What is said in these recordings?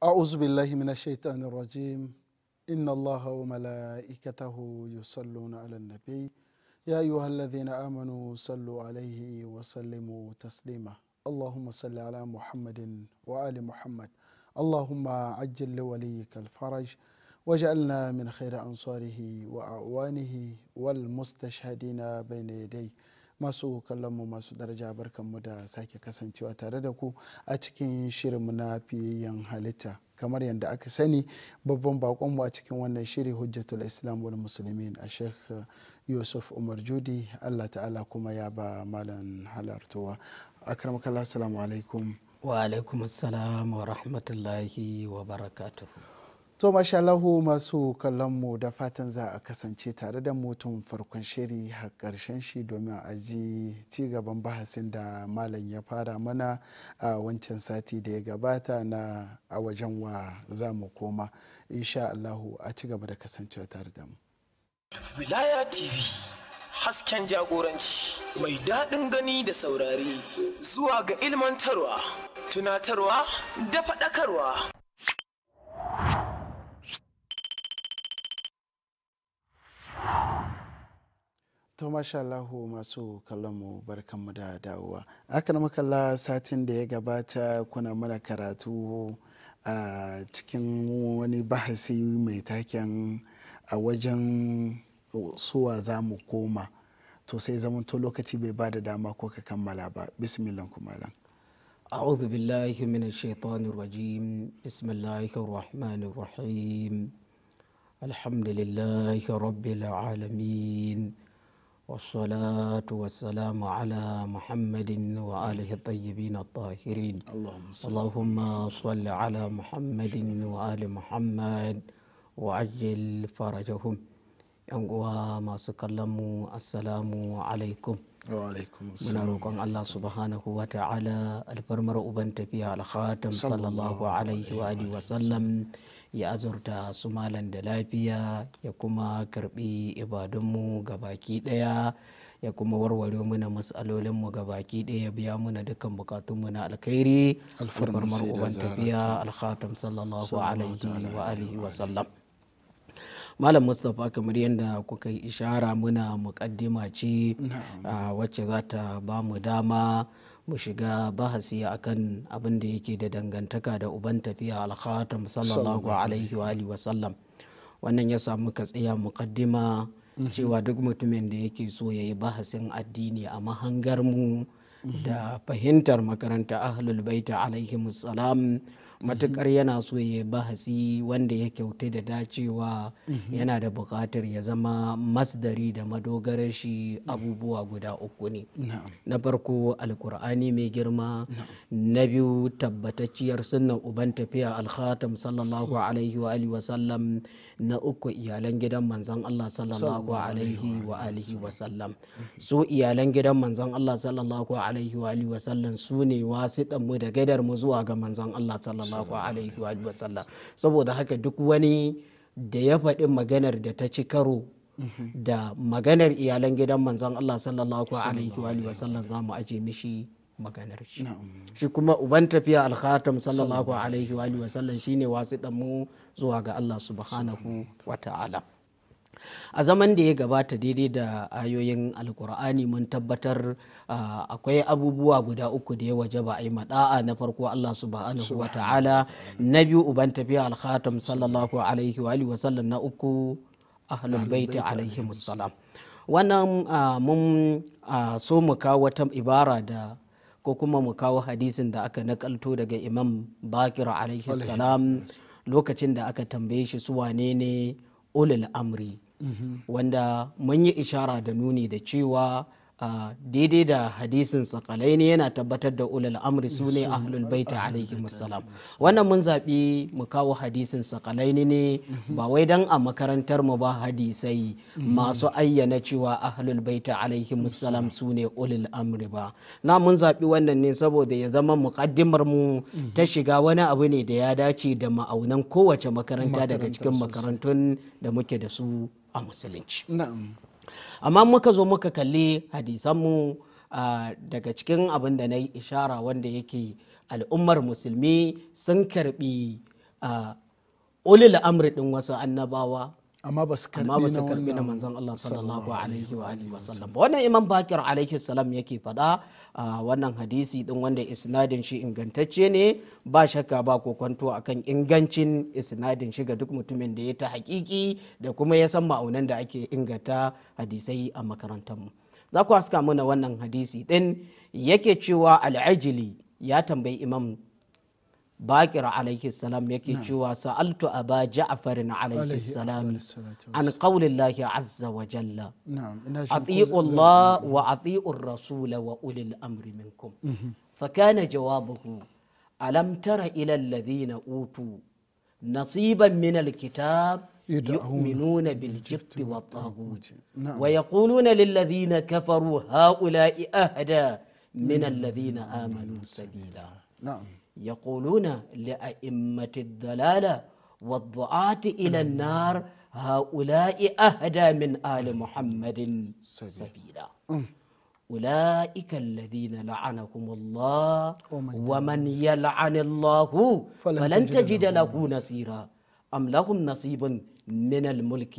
أعوذ بالله من الشيطان الرجيم إن الله وملائكته يصلون على النبي يا أيها الذين آمنوا صلوا عليه وسلموا تسليما اللهم صل على محمد وآل محمد اللهم عجل لوليك الفرج وجعلنا من خير أنصاره وأعوانه والمستشهدين بين يديه masu kallonmu masu daraja mu da sake kasancewa tare da ku a cikin shirin na fiyayyen halitta kamar yadda aka sani babban bakonmu a cikin wannan shiri hujjatul islam wal musulmin a sheikh yusuf umar judi allah ta'ala kuma ya ba malam halartowa akram kala assalamu alaikum wa alaikum assalam wa rahmatullahi wa barakatuhu to mashallahu masu kallon mu da fatan za a kasance tare da mutum farkon shiri a karshen shi domin a ji cigaban bahasin da malam ya fara mana a wancan sati da ya gabata na a wajen wa za mu koma insha allahu a ci gaba da kasancewa tare da mu wilaya tv hasken jagoranci mai daɗin gani da saurari zuwa ga ilmantarwa tunatarwa da faɗakarwa to masha Allahu masu kallonmu barkanmu da dawowa aka makalla satin da ya gabata kuna mana karatu a cikin wani bahasi mai taken a wajen suwa za mu koma to sai zamanto lokaci bai ba da dama ko ka kammala ba bismillah kuma أعوذ بالله من الشيطان الرجيم بسم الله الرحمن الرحيم الحمد لله رب العالمين والصلاة والسلام على محمد وآله الطيبين الطاهرين اللهم صل, على محمد وآل محمد وعجل فرجهم uwa masu kallon mu assalamu alaikum muna roƙon Allah subhanahu wa ta'ala alfarmar uban tafiya alkhatam sallallahu alaihi wa sallam ya azurta su malam da lafiya ya kuma karbi ibadunmu ga baki daya ya kuma warware muna matsalolinmu ga baki ɗaya biya muna dukkan bukatunmu na alkhairi alfarmar uban tafiya sallallahu alaihi wa alihi wa sallam malam mustapha kamar yadda kuka ishara muna mukaddima ce ah, wacce za ta ba mu dama mu shiga bahasi a kan abin da yake da dangantaka da uban tafiya alhatam sallallahu alaihi wa alihi wasallam wannan ya samu ka tsaya muqaddima mhm. cewa duk mutumin da yake so ya yi bahasin addini a mahangar mu da fahimtar makaranta ahlul baita alaihi salam matukar yana so ya bahasi wanda ya kyauta da dacewa mhm. yana da buƙatar ya zama masdari da madogarar shi abubuwa guda uku ne na farko alkur'ani mai girma na biyu tabbatacciyar sunan uban tafiya alkhatam sallallahu alaihi wa sallam na uku iyalan gidan manzan Allah sallallahu alaihi wa alihi wa sallam su iyalan gidan manzan Allah sallallahu alaihi wa alihi wa sallam su ne wasitan mu da gadar mu zuwa ga manzan Allah sallallahu alaihi wa alihi wa sallam saboda haka duk wani da ya faɗi maganar da ta ci karo mhm. da maganar iyalan gidan manzan Allah sallallahu alaihi wa alihi wa sallam za mu aje mishi maganar shi shi kuma uban tafiya alkhatam sallallahu alaihi wa sallam shine wasiɗan mu zuwa ga Allah subhanahu wa ta'ala a zaman da ya gabata daidai da ayoyin alkur'ani mun tabbatar akwai abubuwa guda uku da ya waje ba a yi mada'a na farko Allah subhanahu wa ta'ala na biyu uban tafiya alkhatam sallallahu alaihi wa sallam na uku ahlul baiti alaihi wannan mun so mu kawo wata ibara da ko kuma mu kawo hadisin da aka nakalto daga imam bakir alaihi salam lokacin da aka tambaye shi su wane ne ulul amri mhm. wanda mun yi ishara da nuni da cewa a daidai da hadisin tsakalai ne yana tabbatar da ulul amri su ne ahlul baita alaihi musallam wannan mun zaɓi mu kawo hadisin tsakalai ne ba wai dan a makarantar mu ba hadisai masu ayyana cewa ahlul baita alaihi musallam su ne ulul amri ba na mun zaɓi wannan ne saboda ya zama muƙaddimar mu ta shiga wani abu ne da ya dace da ma'aunan kowace makaranta daga cikin makarantun da muke da su a musulunci. amma muka zo muka kalli hadisanmu ah, daga cikin abin da na yi ishara wanda yake al'ummar musulmi sun karbi ah, ulil amri din wasu annabawa amma ba su karbi na manzon Allah sallallahu alaihi wa alihi wasallam wannan imam bakir alaihi salam yake fada. a wannan hadisi din wanda isnadin shi ingantacce ne ba shakka ba ko kwanto akan ingancin isnadin shi ga duk mutumin da ya ta hakiki da kuma ya san ma'aunan da ake inganta hadisai a makarantar mu za ku haska mana wannan hadisi din yake cewa al'ajili ya tambayi imam باكر عليه السلام يكي نعم. سألت أبا جعفر عليه, عليه السلام عن قول الله عز وجل نعم. أطيعوا الله وأطيعوا الرسول وأولي الأمر منكم فكان جوابه ألم تر إلى الذين أوتوا نصيبا من الكتاب يؤمنون بالجبت والطاغوت نعم. ويقولون للذين كفروا هؤلاء أهدى من نعم. الذين آمنوا سبيلا نعم يقولون لأئمة الضلالة والدعاة إلى النار هؤلاء أهدى من آل محمد سبيلا أولئك الذين لعنهم الله ومن يلعن الله فلن تجد له نصيرا أم لهم نصيب من الملك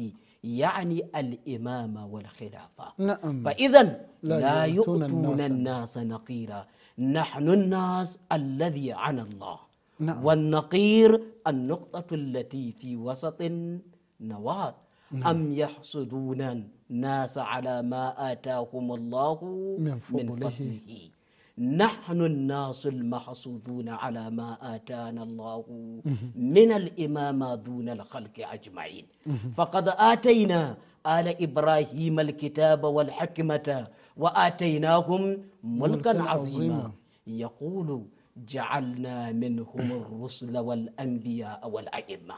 يعني الإمام والخلافة نعم فإذا لا, لا يؤتون الناس نقيرا نحن الناس الذي عن الله نعم. والنقير النقطة التي في وسط النواة نعم. أم يحسدون الناس على ما آتاهم الله من فضله, من فضله. نحن الناس المحسودون على ما آتانا الله من الإمامة دون الخلق أجمعين فقد آتينا آل إبراهيم الكتاب والحكمة wa atainahum mulkan azima yaqulu ja'alna minhum ar-rusul wal anbiya wal a'imma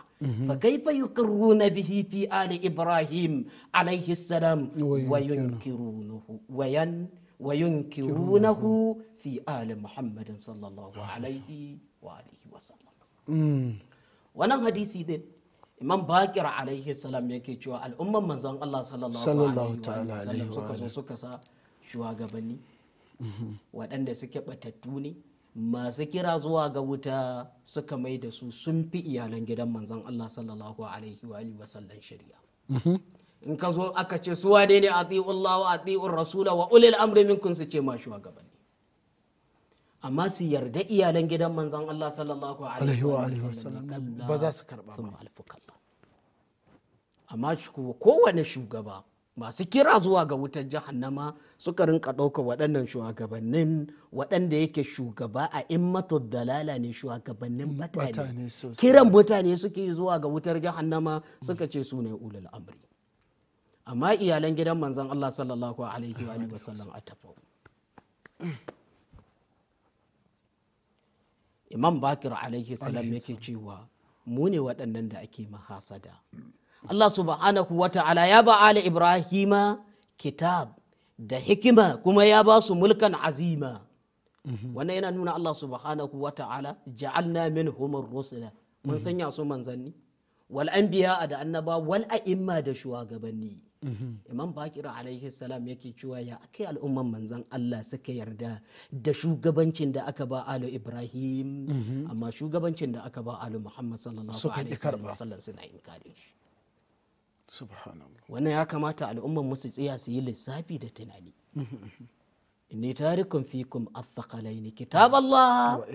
fa kayfa yuqirruna bihi fi ali ibrahim alayhi salam wa yunkirunahu wa yan wa ali muhammadin sallallahu alaihi wa sallam wannan hadisi din imam bakir alaihi salam yake cewa al'umman manzon Allah sallallahu alaihi wa sallam suka zo suka sa shugabanni waɗanda suke ɓatattu ne masu kira zuwa ga wuta suka mai da su sun fi iyalan gidan manzan Allah sallallahu alaihi wa alihi wasallam shari'a in ka zo aka ce suwa ne ne lawa wa ati'ur rasula wa ulil amri minkum su ce ma shugabanni amma su yarda iyalan gidan manzan Allah sallallahu alaihi wa alihi wasallam ba za su karba ba amma kowane shugaba masu kira zuwa ga wutar jahannama suka rinka ɗauka waɗannan shugabannin waɗanda yake shugaba a immatu dalala ne shugabannin mutane mm, kiran mutane suke zuwa ga wutar jahannama suka ce su ne ulul amri amma iyalan gidan manzon Allah sallallahu alaihi wa sallam a tafau imam bakir alaihi salam yake cewa mu ne waɗannan da ake mahasada Allah subhanahu wa ta'ala ya ba ala Ibrahima kitab da hikima kuma ya ba su mulkan azima wannan yana nuna Allah subhanahu wa ta'ala ja'alna humar rusula mun mhm. sanya su manzanni wal anbiya da annaba wal a'imma da shugabanni mhm. imam bakir alaihi salam yake cewa ya akai al'umman manzan Allah suka yarda da shugabancin da aka ba alu ibrahim mhm. amma shugabancin da aka ba alu muhammad sallallahu alaihi wasallam suna inkari shi wannan ya kamata al'umman musu tsaya su yi lissafi da tunani inni tarikum fikum affaqalaini kitab Allah wa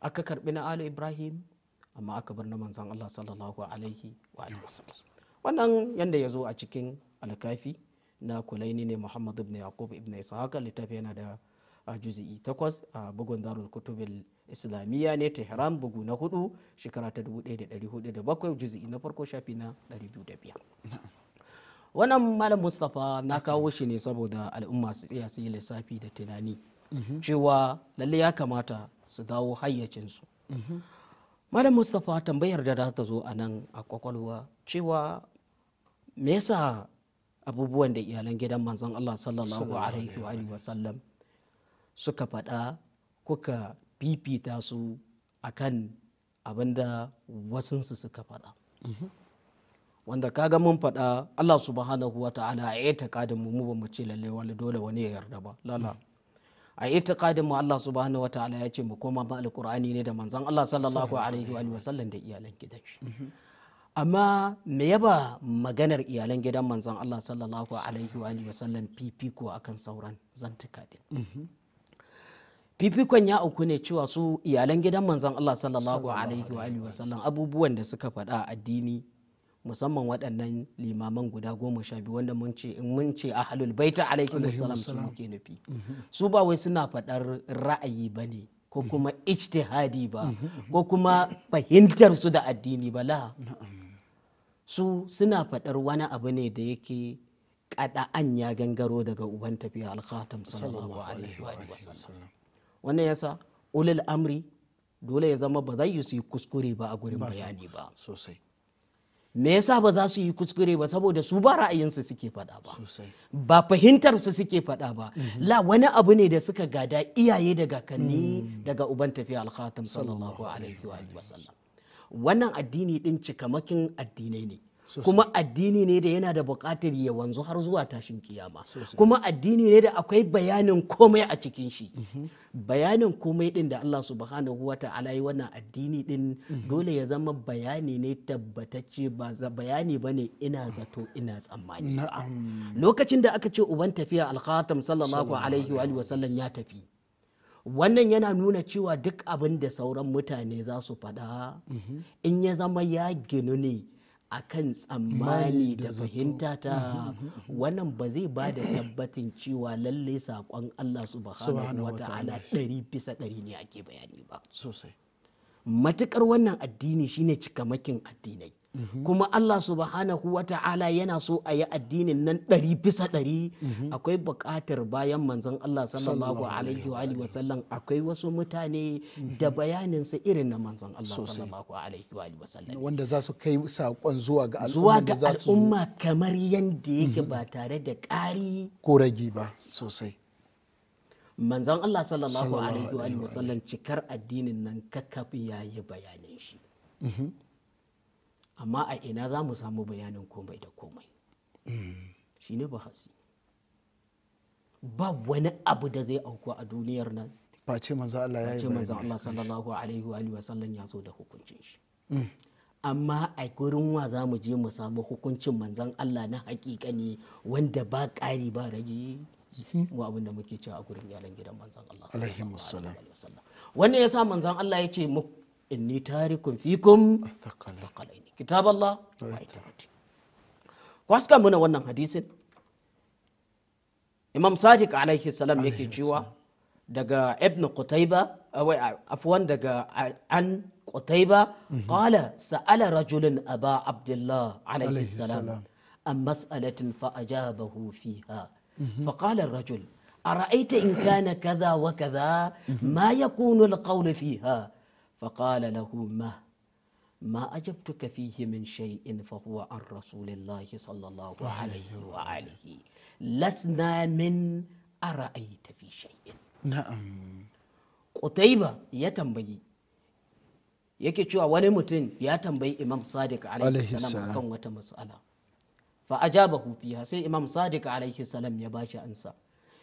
aka karbi na Ali Ibrahim amma aka bar na manzon Allah sallallahu alaihi wa alihi wasallam wannan yanda yazo a cikin alkafi na kulaini ne Muhammad ibn Yaqub ibn Ishaq littafi yana da a juzi'i takwas a bugun darul kutubin islamiyya ne tehran bugu na hudu shekara ta da 1407 juzi'i na farko shafi na 205 wannan malam mustapha na kawo shi ne saboda al'umma su tsaya su yi lissafi da tunani mhm. cewa lalle ya kamata su dawo hayyacinsu mhm. malam mustapha tambayar da za ta zo a nan a kwakwalwa cewa me yasa abubuwan da iyalan gidan manzon Allah sallallahu alaihi wa sallam suka faɗa kuka fifita su a kan abinda wasansu suka faɗa wanda kaga mun faɗa Allah subhanahu wa ta'ala a yi mu mu ba mu ce lalle wani dole wani ya yarda ba lala a takadin mu Allah subhanahu wa ta'ala ya ce mu koma ba alkur'ani ne da manzan Allah sallallahu alaihi wa sallam da iyalan gidan shi amma me yaba maganar iyalan gidan manzan Allah sallallahu alaihi wa sallam fifiko akan sauran zantuka din fifikon ya auku ne cewa su iyalan gidan manzon Allah sallallahu alaihi wa alihi wasallam abubuwan da suka faɗa a addini musamman waɗannan limaman guda goma sha biyu wanda mun ce in mun ce ahlul baita alaihi wasallam su muke nufi mhm. su ba wai suna faɗar ra'ayi bane ko mhm. kuma ijtihadi ba mhm. ko kuma fahimtar su da addini ba la su suna faɗar wani abu ne da yake an ya gangaro daga uban tafiya alkhatam sallallahu alaihi wa sallam wannan yasa ulul amri dole ya zama ba za su yi kuskure ba a gurin bayani ba sosai me yasa ba za su yi kuskure ba saboda su ba ra'ayinsu suke faɗa ba ba fahimtar su suke faɗa ba mhm. la wani abu ne da suka gada iyaye daga kanni mm. daga uban tafiya alkhatam sallallahu alaihi wa sallam wannan addini din cikamakin addinai ne kuma addini ne da yana da buƙatar ya wanzu har zuwa tashin kiyama kuma addini ne da akwai bayanin komai a cikin shi mhm. bayanin komai din da Allah subhanahu wa ta'ala yi wannan addini din mhm. dole ya zama bayani ne tabbatacce ba za bayani bane ina zato ina tsammani lokacin da aka ce uban tafiya al-khatam sallallahu alaihi wa sallam ya tafi wannan yana nuna cewa duk abin da sauran mutane za su faɗa mhm. in ya zama ya ginu ne akan tsammani da fahimta ta mm-hmm. wannan ba zai ba da tabbatin cewa lalle saƙon Allah subhanahu wa ta'ala ɗari bisa ɗari ne ake bayani ba sosai matukar wannan addini shine cikamakin addinai Mhm. kuma Allah subhanahu wa ta'ala yana so a yi addinin nan ɗari bisa ɗari mhm. akwai buƙatar bayan manzon Allah sallallahu alaihi wa sallam akwai wasu mutane mhm. da bayaninsa irin na manzon Allah sallallahu alaihi wa sallam wanda za su kai saƙon zuwa ga al'umma ga al'umma kamar yadda yake ba tare da ƙari ko ragi ba sosai manzon Allah sallallahu alaihi wa sallam cikar addinin nan kakkafi yayi bayanin shi amma a ina za mu samu bayanin komai da komai shi ne ba hasi ba wani abu da zai auku a duniyar nan face manzo Allah ya yi face manzo Allah sallallahu alaihi wa sallam ya zo da hukuncin shi mm. amma a gurin wa za mu je mu samu hukuncin manzon Allah na hakika ne wanda ba ƙari ba raji wa mhm. abin da muke cewa a gurin yalan gidan manzon Allah sallallahu alaihi wa sallam wannan yasa manzon Allah ya ce mu inni tarikun fikum thaqalaini kitab Allah wa itarati ku haska muna wannan hadisin imam sadiq alaihi salam yake cewa daga ibn qutayba afwan daga an qutayba qala sa'ala rajulun aba abdullah alaihi salam عن مسألة فأجابه فيها فقال الرجل أرأيت إن كان كذا وكذا ما يكون القول فيها فقال له ما ما أجبتك فيه من شيء فهو عن رسول الله صلى الله عليه وآله لسنا من أرأيت في شيء نعم قتيبة يتنبي yake cewa wani mutum ya tambayi imam sadiq alaihi salam akan wata matsala fa ajabahu fiha sai imam sadiq alaihi salam ya bashi ansa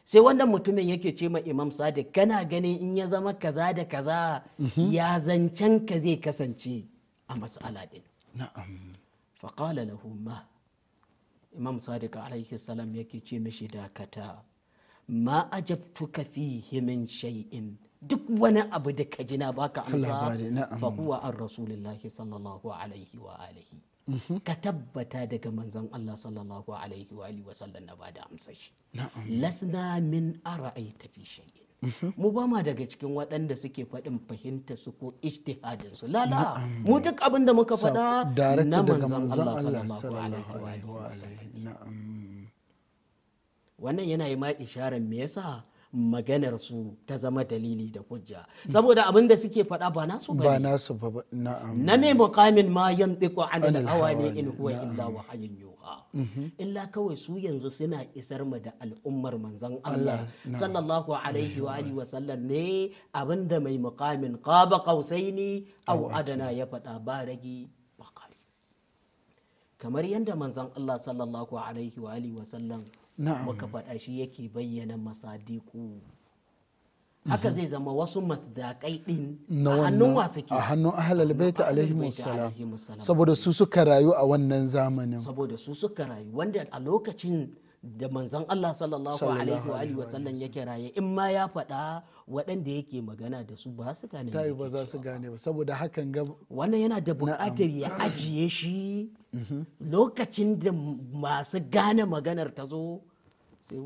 sai wannan mutumin yake ce ma imam sadiq kana ganin in ya zama kaza da kaza mhm. ya zancen ka zai kasance a mas'ala din na'am qala lahu ma imam sadiq alaihi salam yake ce mishi dakata ma ajabtuka fihi min shay'in duk wani abu da ka na baka amsa fa huwa an rasulillahi sallallahu alaihi wa alihi Mm-hmm. ka tabbata daga manzon Allah sallallahu alaihi wa alihi sallam na bada amsa shi lasna min ara'aita fi shay'in mm-hmm. mu ba ma daga cikin waɗanda suke faɗin fahimta su ko ijtihadin su lala mu duk abin da muka faɗa na manzon Allah sallallahu alaihi wa alihi wannan yana yi ma isharar me yasa maganar su ta zama dalili da hujja saboda abin da suke faɗa ba nasu ba nasu ba na'am na me muqamin ma yantiqu anil hawa ne in huwa illa wahyun yuha mhm. illa kawai su yanzu suna isar mu da al'ummar manzon Allah sallallahu alaihi wa alihi wa sallam ne abinda mai muqamin qaba qausaini aw adana ya faɗa ba ragi ba kamar yadda manzon Allah sallallahu alaihi wa alihi wa sallam muka faɗa shi yake bayyana masadiku haka zai zama wasu masdaƙai ɗin a hannun wasu ke a hannun ahlal baita alaihi saboda su suka rayu a wannan zamanin saboda su suka rayu wanda a lokacin da manzon Allah sallallahu alaihi wa alihi wasallam yake raye in ma ya faɗa waɗanda yake magana da su ba su gane tayi ba za su gane ba saboda hakan ga wannan yana da buƙatar ya ajiye shi mm-hmm. lokacin da masu gane maganar ta zo sai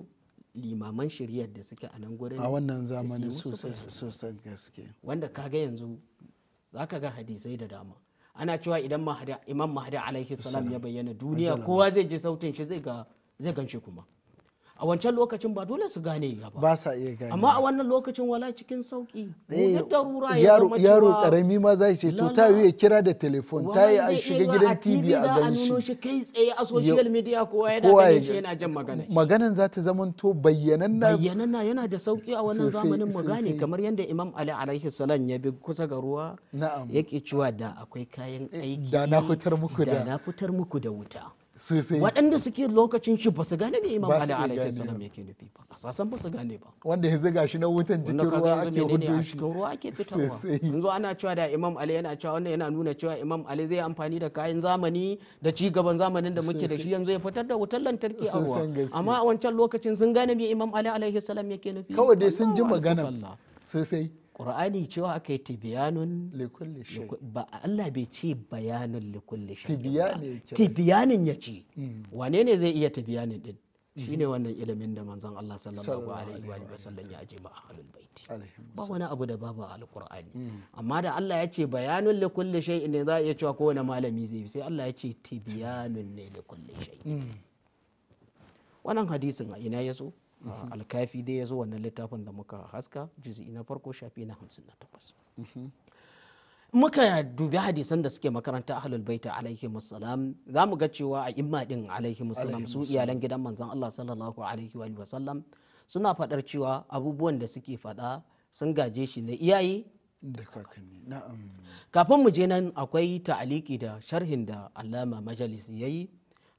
limaman shiryar da suke a nan gurin a wannan zamanin sosan gaske wanda kaga yanzu zaka ga hadisai da dama ana cewa idan imam mahdi alaihi salam ya bayyana duniya kowa zai ji sautin shi zai ga zai ganshi kuma a wancan lokacin ba dole su gane ya ba sa iya gane amma a wannan lokacin wala cikin sauki eh, yaro karami ma zai ce to ta yi kira da telefon ta yi a shiga gidan tv a gan shi shi kai tsaye a social media kowa yana ganin shi yana jin magana maganan za ta zama to Bayyanan na yana da sauki a wannan zamanin magani gane kamar yadda imam ali alaihi salam ya bi kusa ga ruwa na'am yake cewa da akwai kayan eh, aiki da na fitar muku da na fitar muku da wuta waɗanda suke lokacin shi ba su gane me imam ali alaihi salam yake nufi ba a sasan ba su gane ba wanda ya yanzu gashi na wutan cikin ruwa ake hudu shi cikin ruwa ake fitarwa yanzu ana cewa da imam ali yana cewa wannan yana nuna cewa imam ali zai amfani da kayan zamani da ci gaban zamanin da muke da shi yanzu ya fitar da wutar lantarki a ruwa amma a wancan lokacin sun gane me imam ali alaihi salam yake nufi kawai dai sun ji magana sosai qur'ani cewa aka yi tibiyanun ba Allah bai ce bayanun likulli tibiyanin ya ce hmm. wane ne zai iya tibiyanin din shine wannan ilimin da manzon Allah sallallahu alaihi wa sallam ya aje ma ahlul baiti ba wani abu da babu alqur'ani hmm. amma da Allah ya ce bayanun li kulli ne za a iya cewa kowane malami zai sai Allah ya ce tibyanun ne li kulli shay hmm. wannan hadisin a ina ya so? alkafi dai ya zo wannan littafin da muka haska juz'i na farko shafi na hamsin na takwas muka dubi hadisan da suke makaranta ahlul baita alaihi musallam za mu ga cewa a imma din alaihi musallam su iyalan gidan manzon Allah sallallahu alaihi wa sallam suna fadar cewa abubuwan da suke fada sun gaje shi na iyaye da kakanni na'am kafin mu je nan akwai ta'aliki da sharhin da Allama Majalisi yayi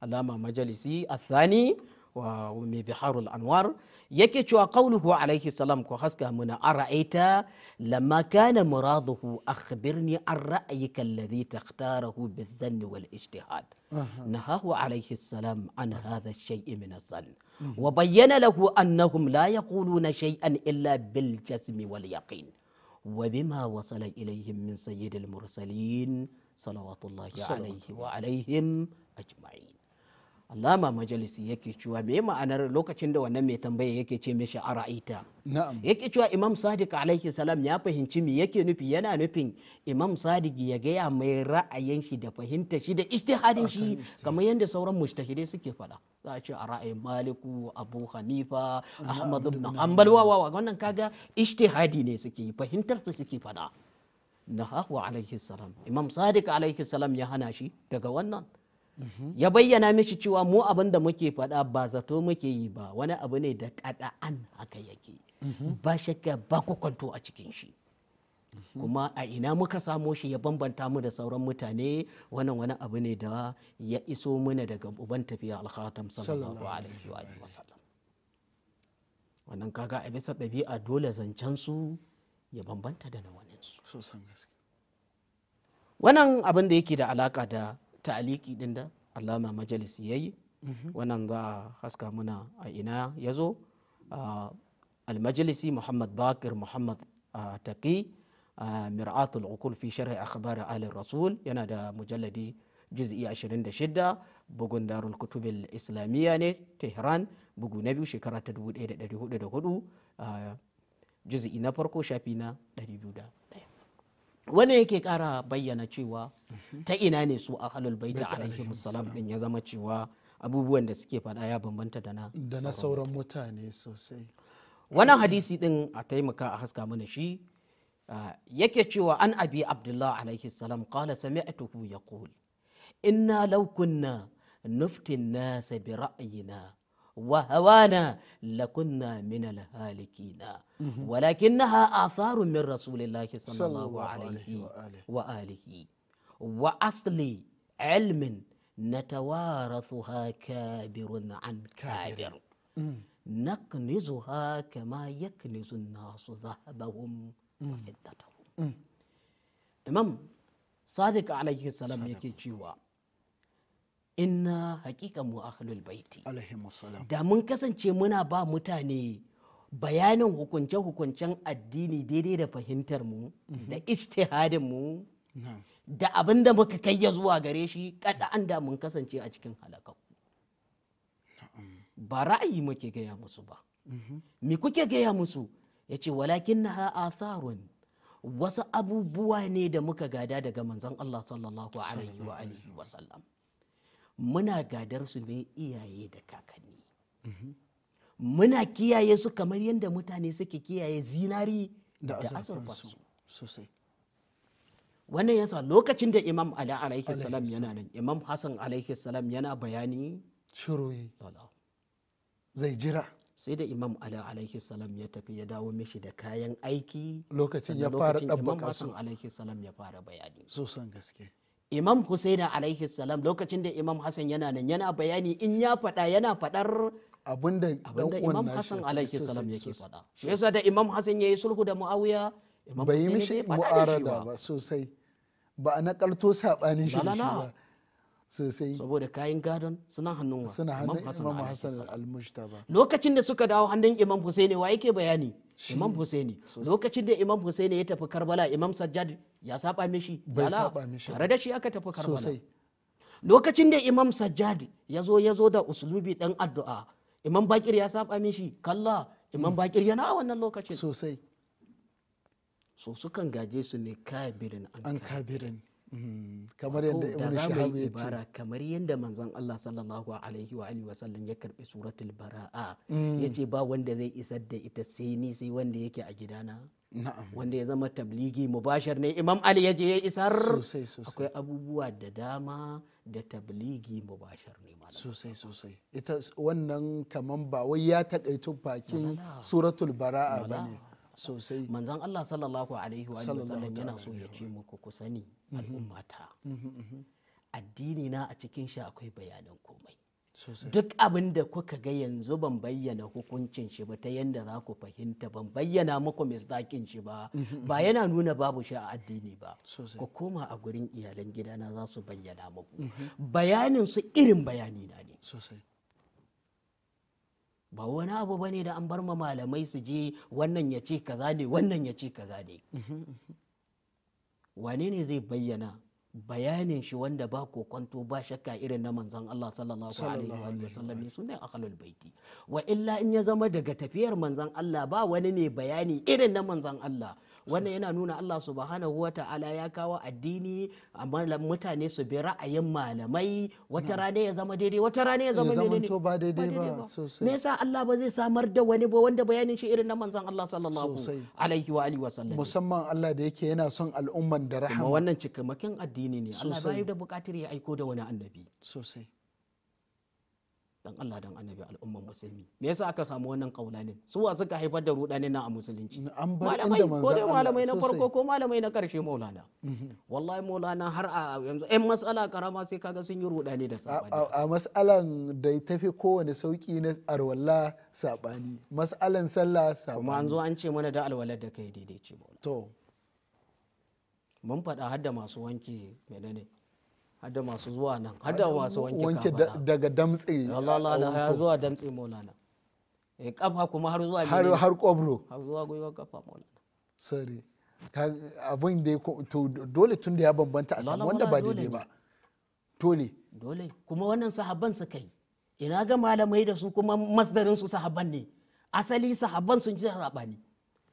Allama Majalisi athani ومي بحار الأنوار يكي شو قوله عليه السلام كو حسك من أرأيت لما كان مراده أخبرني الرأيك الذي تختاره بالذن والاجتهاد نهاه عليه السلام عن هذا الشيء من الظن وبين له أنهم لا يقولون شيئا إلا بالجسم واليقين وبما وصل إليهم من سيد المرسلين صلوات الله عليه وعليهم أجمعين Alama majalisi yake cewa me ma'anar lokacin da wannan mai tambaya yake ce mishi a ra'ita yake cewa imam sadiq alaihi salam ya fahimci me yake nufi yana nufin imam sadiq ya gaya mai ra'ayin shi da fahimta shi da ijtihadin shi kamar yadda sauran mujtahidai suke faɗa za a ce a ra'ayin maliku abu hanifa ahmad ibn hanbal wa wannan kaga ijtihadi ne suke yi fahimtar su suke faɗa nahahu alaihi salam imam sadiq alaihi salam ya hana shi daga wannan ya bayyana mishi cewa mu abin da muke faɗa ba zato muke yi ba wani abu ne da an haka yake ba shakka ba kwakwanto a cikin shi kuma a ina muka samo shi ya bambanta mu da sauran mutane wannan wani abu ne da ya iso mana daga uban tafiya alkhatam sallallahu alaihi wa sallam wannan kaga a bisa ɗabi'a dole zancen su ya bambanta da na wani su wannan abin da yake da alaka da ta'aliki din da allama majalis ya yi mhm. wannan za a haska muna a ina ya zo almajalisi muhammad bakir muhammad taqi mir'atul ukul fi sharhi akhbari rasul yana da mujalladi juz'i 26 bugun darul kutubil islamiyya ne tehran bugu na biyu shekara ta 1404 juz'i na farko shafi na 201 wani yake kara bayyana cewa mhm. ta ina ne su ahlul baiti alaihi musallam din ya zama cewa abubuwan da suke faɗa ya bambanta da na da na sauran mutane sosai wannan hadisi din a taimaka a haska mana shi yake cewa an abi Abdullahi alaihi salam qala sami'tuhu yaqul inna law kunna laukuna an nasa bi ra'yina وهوانا لكنا من الهالكين ولكنها آثار من رسول الله صلى, صلى الله, الله عليه وآله, وآله وأصل علم نتوارثها كابر عن كابر نكنزها كما يكنز الناس ذهبهم وفضتهم إمام صادق عليه السلام يكي inna haƙiƙa mu ahlul baiti da mun kasance muna ba mutane bayanin hukunce-hukuncen addini daidai da fahimtar mu mhm. da istihadin mu da abin da muka kai ya zuwa gare shi kada an da mun kasance a cikin halakaku ba ra'ayi muke gaya musu ba mhm. me kuke gaya musu ya ce walakin na atharun wasu abubuwa ne da muka gada daga manzon Allah sallallahu alaihi wa sallam muna gadar su ne iyaye da kakanni muna kiyaye su kamar yadda mutane suke kiyaye zinari da azurfarsu sosai wannan yasa lokacin da imam ali alaihi salam yana nan imam hassan alaihi salam yana bayani shiroyi zai jira sai da imam ali alaihi salam ya tafi ya dawo mishi da kayan aiki lokacin ya fara ɗabbaka su imam hassan alaihi salam ya fara bayani sosan gaske imam husaina alaihi salam lokacin da imam hassan yana nan yana bayani in ya faɗa yana faɗar abinda imam hassan alaihi salam yake faɗa yasa da imam hassan yayi sulhu da muawiya imam bai mishi mu'arada ba sosai ba a nakalto sabanin shi ba sosai saboda kayan gadon suna hannun wa suna hannun imam hassan al-mujtaba lokacin da suka dawo hannun imam husaini wa yake bayani imam husaini lokacin da imam husaini ya tafi karbala imam sajjad ya saba mishi bai saba mishi tare da shi aka tafi karbala lokacin da imam sajjad ya zo ya zo da uslubi dan addu'a imam bakir ya saba mishi kalla imam bakir yana a wannan lokacin sosai so sukan gaje su ne kabirin an kabirin kamar yadda ibn shahab ya ce kamar yadda manzon Allah sallallahu alaihi wa alihi wa sallam ya karbi suratul bara'a mm. yace ba wanda zai isar da ita sai ni sai wanda yake a gidana wanda ya zama tabligi mubashar ne imam ali ya je ya isar akwai abubuwa da dama da tabligi mubashar ne sosai sosai ita wannan kaman ba wai ya takaito bakin suratul bara'a bane sosai manzon Allah sallallahu alaihi wa sallam yana so ya ce muku ku sani al'ummata mm-hmm, mm-hmm. addini na a cikin shi akwai bayanan komai duk abin da kuka ga yanzu ban bayyana hukuncin shi ba ta yadda za ku fahimta ban bayyana muku misdakin shi ba mm-hmm, ba yana nuna babu shi a addini ba ku koma a gurin iyalan gidana za su bayyana muku bayanin su irin bayani na ne ba wani abu bane da an bar ma malamai su je wannan ya ce kaza ne wannan ya ce kaza ne wane ne zai bayyana bayanin shi wanda ba ko kwanto ba shakka irin na manzon Allah sallallahu alaihi wa sallam sunan akhlul baiti wa illa in ya zama daga tafiyar manzon Allah ba wani ne bayani irin na manzon Allah wannan yana nuna Allah subhanahu wata'ala ya kawo addini amma mutane su bi ra'ayin malamai wata rana ya zama daidai wata rana ya zama daidai ba daidai ba sosai me yasa Allah ba zai samar da wani ba wanda bayanin shi irin na manzon Allah sallallahu alaihi wa alihi wasallam musamman Allah da yake yana son al'umman da rahama wannan cikamakin addini ne Allah bai da bukatar ya aiko da wani annabi sosai dan Allah dan annabi al'umman musulmi me yasa aka samu wannan kaulanin su wa suka haifar da rudanin nan a musulunci malamai ko dai malamai na farko ko malamai na karshe maulana mhm. wallahi maulana har a yanzu ɗan matsala karama sai kaga sun yi rudani da sabani a matsalan da ta fi kowane sauki na arwalla sabani matsalan sallah sabani kuma an zo an ce mana da alwalar da kai daidai ce to mun faɗa har da masu wanki menene hada masu zuwa nan hada masu wanke kafa daga damtse Allah ya zuwa damtse maulana eh kafa kuma har zuwa har har kwabro har zuwa gwiwa kafa maulana sare abin da to dole tun da ya bambanta a san wanda ba daidai ba dole dole kuma wannan sahabban su kai ina ga malamai da su kuma masdarin su sahabban ne asali sahabban sun ci sabani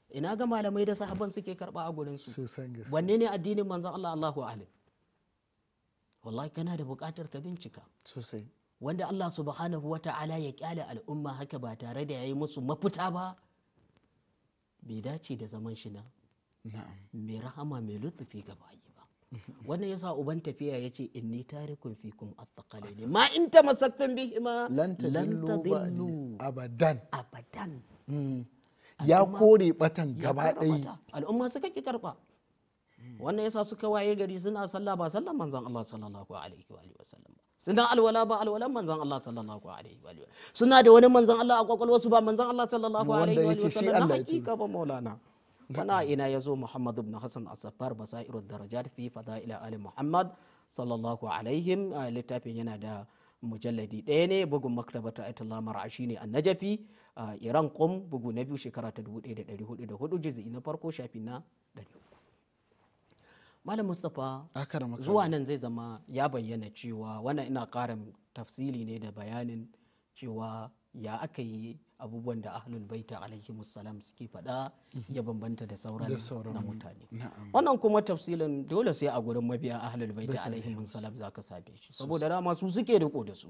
ina ga malamai da sahabban suke karba a gurin su wanne ne addinin manzon Allah Allahu a'lam wallahi kana da buƙatar ka bincika sosai wanda Allah subhanahu wa ta'ala ya kyale al'umma haka ba tare da yayi musu mafita ba bai dace da zaman shi na mai rahama mai lutfi ga bayi ba wannan yasa uban tafiya ya ce inni tarikun fikum ne ma in tamassaktum bihima lan tadillu abadan abadan hmm. ya kore batan gaba ɗaya al'umma suka ki karba wannan yasa suka waye gari suna sallah ba sallan manzon Allah sallallahu alaihi wa alihi wasallam ba suna alwala ba alwalan manzon Allah sallallahu alaihi wa alihi suna da wani manzon Allah a kwakwalwa su ba manzon Allah sallallahu alaihi wa alihi wasallam na hakika ba maulana kana ina yazo Muhammad ibn Hassan as-Saffar basairu darajat fi fadail ali Muhammad sallallahu alaihi alaihim littafin yana da mujalladi ɗaya ne bugun maktaba ta Ayatollah Mar'ashi ne a Najafi Iran kom bugu na biyu shekara ta 1404 juz'i na farko shafi na 400 malam mustapha ah, zuwa nan zai zama ya bayyana cewa wannan ina karin tafsili ne da bayanin cewa ya aka yi abubuwan da ahlul baita alaihi musallam suke faɗa mhm. ya bambanta da sauran na mutane wannan kuma tafsilin dole sai a gurin mabiya ahlul baita alaihi musallam za ka same shi saboda dama su suke riko da su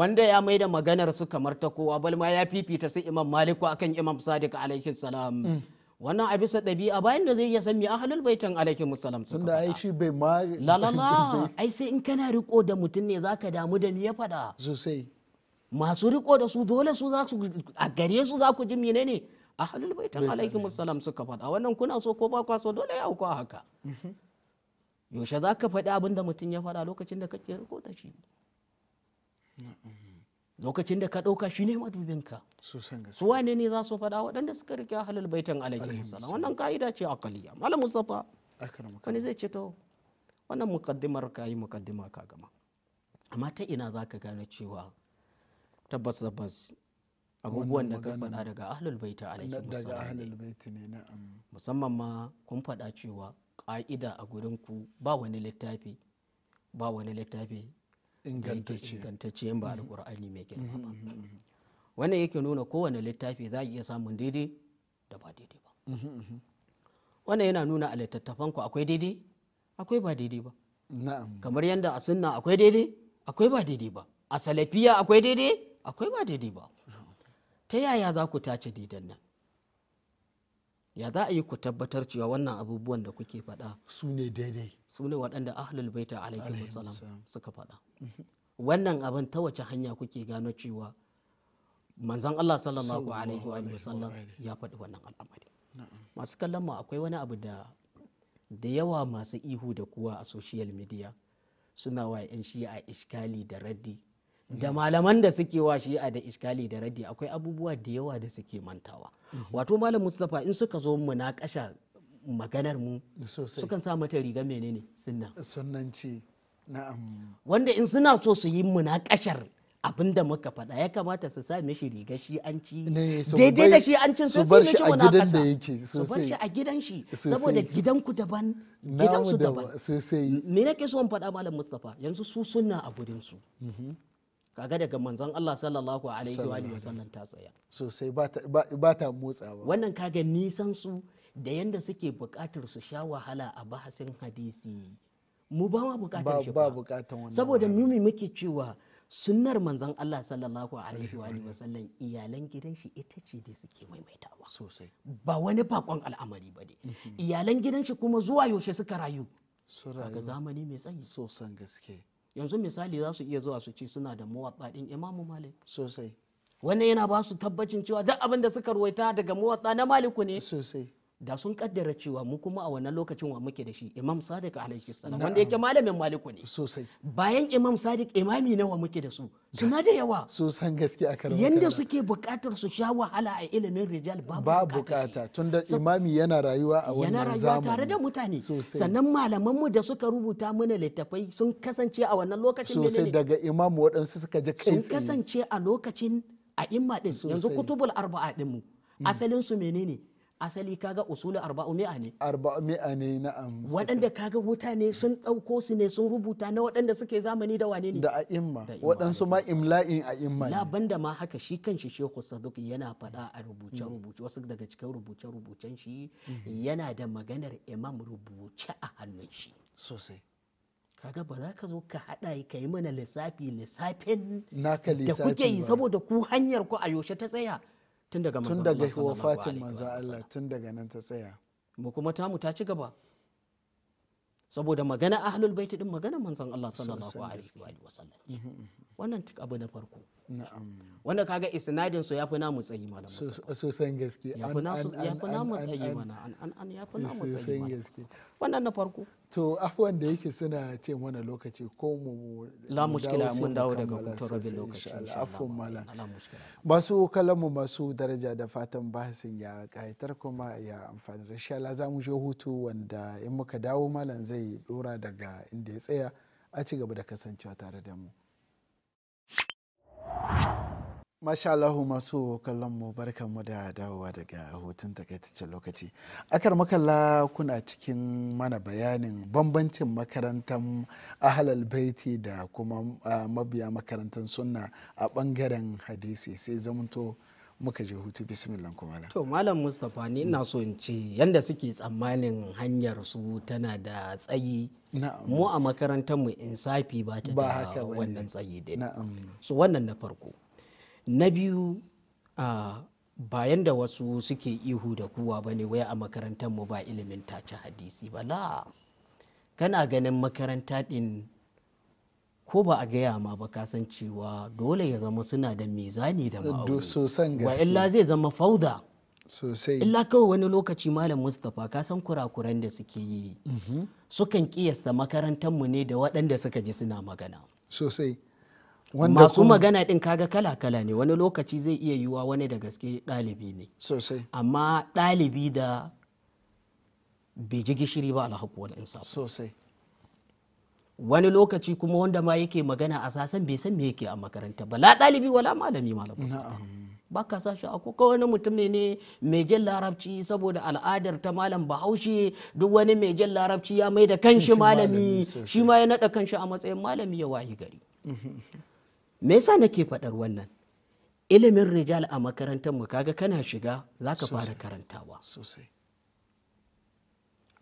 wanda ya maida maganar su kamar ta kowa balma ya fifita sai imam maliku akan imam sadiq alaihi salam mm. wannan a bisa ɗabi'a bayan da zai iya san a halin baitin alaihi musallam suka tunda ai bai ma lalala ai sai in kana riko da mutum ne zaka damu da me ya fada sosai masu riko da su dole su za su a gare su za ku ji menene ahlul baitin alaihi musallam suka fada wannan kuna so ko ba kwa so dole ya auku haka mhm. yaushe za ka faɗi abin da mutum ya faɗa lokacin da kake riko da shi lokacin da ka ɗauka shi ne madubinka su wane ne za su faɗa waɗanda suka rike halal baitan alaihi salam wannan ka'ida ce a kaliya malam mustafa wani zai ce to wannan mukaddimar ka yi mukaddima ka gama amma ta ina za ka gane cewa tabbas tabbas abubuwan da ka faɗa daga ahlul baita alaihi salam musamman ma kun faɗa cewa ka'ida a gurin ku ba wani littafi ba wani littafi ingantacce ba alkur'ani mai girma ba mm-hmm, mm-hmm. wannan yake nuna kowane littafi za a iya samun daidai da ba daidai ba mm-hmm, wannan yana nuna a littattafan ku akwai daidai akwai ba daidai ba kamar yadda a sunna akwai daidai akwai ba daidai ba a salafiya akwai daidai akwai ba daidai ba ta yaya za ku tace daidan nan ya za a yi ku tabbatar cewa wannan abubuwan da kuke faɗa su ne daidai su ne waɗanda ahlul baita alaihi wasallam suka faɗa wannan abin ta wace hanya kuke gano cewa manzan Allah sallallahu alaihi wa sallam ya faɗi wannan al'amari masu kallon mu akwai wani abu da yawa masu ihu da kuwa a social media suna wa 'yan shi'a iskali da raddi da malaman da suke wa shi'a da iskali da raddi akwai abubuwa da yawa da suke mantawa mhm. wato malam mustapha in suka zo mu na maganar mu sukan sa mata riga menene sunna sunnanci wanda in suna so su yi munakashar abin da muka faɗa ya kamata su sa mishi riga shi an ci daidai da shi an cin sun sai mishi muna kasa su bar shi a gidan shi saboda gidan ku daban gidan su daban me na ke son faɗa malam Mustapha yanzu su suna a gurin su mhm. kaga daga manzon Allah sallallahu alaihi wa wasallam ta tsaya sosai ba ta motsawa wannan kaga nisan su da yanda suke buƙatar su sha wahala a bahasin hadisi mu ba ma bukatar shi ba bukatar wannan saboda mimi muke cewa sunnar manzon Allah sallallahu alaihi wa alihi wasallam iyalan gidan shi ita ce da suke maimaitawa sosai ba wani bakon al'amari ba ne mm-hmm. iyalan gidan shi kuma zuwa yaushe suka rayu kaga zamani mai tsayi sosan gaske yanzu misali za su iya zuwa su ce suna da mawaƙa din imamu malik sosai wannan yana ba su tabbacin cewa duk abin da suka ruwaita daga muwatsa na maliku ne sosai da sun kaddara cewa mu kuma a wannan lokacin wa muke da shi imam sadiq alaihi salam wanda yake malamin maliku ne sosai bayan imam sadiq imami nawa muke da su suna da yawa su san gaske a karin yanda suke bukatar su sha wahala a ilimin rijal ba bukata tunda imami yana rayuwa a wannan zamani yana rayuwa tare da mutane sannan malaman mu da suka rubuta mana littafai sun kasance a wannan lokacin sosai daga imam waɗansu suka je kai sun kasance a lokacin a imma din yanzu kutubul arba'a din mu mm. asalin su menene asali kaga usulu mi'a ne arba'u mi'a ne na'am waɗanda kaga wuta ne sun ɗauko su ne sun rubuta na waɗanda suke zamani da wane ne da a'imma waɗansu ma imla'in a'imma ne laban da ma haka shi kan shi shehu saduk yana faɗa a rubuce rubuce wasu daga cikin rubuce rubucen shi mhm. yana da maganar imam rubuce a hannun shi sosai kaga ba za ka zo ka haɗa ka yi mana lissafi lissafin da kuke yi saboda ku hanyar ku a yaushe ta tsaya tun daga tun daga wafatin manzan Allah tun daga nan ta tsaya mu kuma tamu ta ci gaba saboda magana ahlul baiti din magana manzan Allah sallallahu alaihi wa sallam wannan abu na farko wanda kaga isnadin su ya fi namu tsayi mana san gaske fi namu tsayi mana ya fi namu tsayi mana wannan na farko to afuwan da yake suna ce mana lokaci ko mu la mushkila mun dawo daga kutar rabin lokaci afuwan mala masu kalamu masu daraja da fatan bahasin ya kayatar kuma ya amfani da shala za mu je hutu wanda in muka dawo malam zai dora daga inda ya tsaya a ci gaba da kasancewa tare da mu Masha masu kallon mu mu da dawowa daga hutun takaitaccen lokaci. Akar makalla kuna cikin mana bayanin bambancin makarantar ahalal baiti da kuma ah, mabiya makarantar sunna a bangaren hadisi sai zamanto muka je hutu bismillah kuma to malam mustapha ni ina so in ce yanda suke tsammanin hanyar su tana da tsayi mu a makarantar mu insafi ba ta da wannan tsayi dai so wannan na farko na biyu bayan da wasu suke ihu da kuwa ba ne wai a makarantar mu ba ilimin tace hadisi ba la kana ganin makaranta din ko ba a gaya ma ba kasan cewa dole ya zama suna da mizani da ma'auni wa illa zai zama fauda sosai illa kawai wani lokaci malam mustapha kasan san kurakuran da suke yi mm-hmm. sukan kiyasta makarantar mu ne da waɗanda suka ji suna magana sosai masu magana ɗin kaga kala-kala ne wani lokaci zai iya yiwa wani da gaske ɗalibi ne sosai amma ɗalibi da bai ji gishiri ba alhaku insa insaf sosai wani lokaci kuma wanda ma yake magana a sasan bai san me yake a makaranta ba la ɗalibi wala malami malamin ba ka sa shi akwai wani mutum ne mai jin larabci saboda al'adar ta malam bahaushe duk wani mai jin larabci ya mai da kanshi malami shi ma ya naɗa kanshi a matsayin malami ya wayi gari me yasa nake faɗar wannan ilimin rijal a makarantar mu kaga kana shiga zaka fara karantawa sosai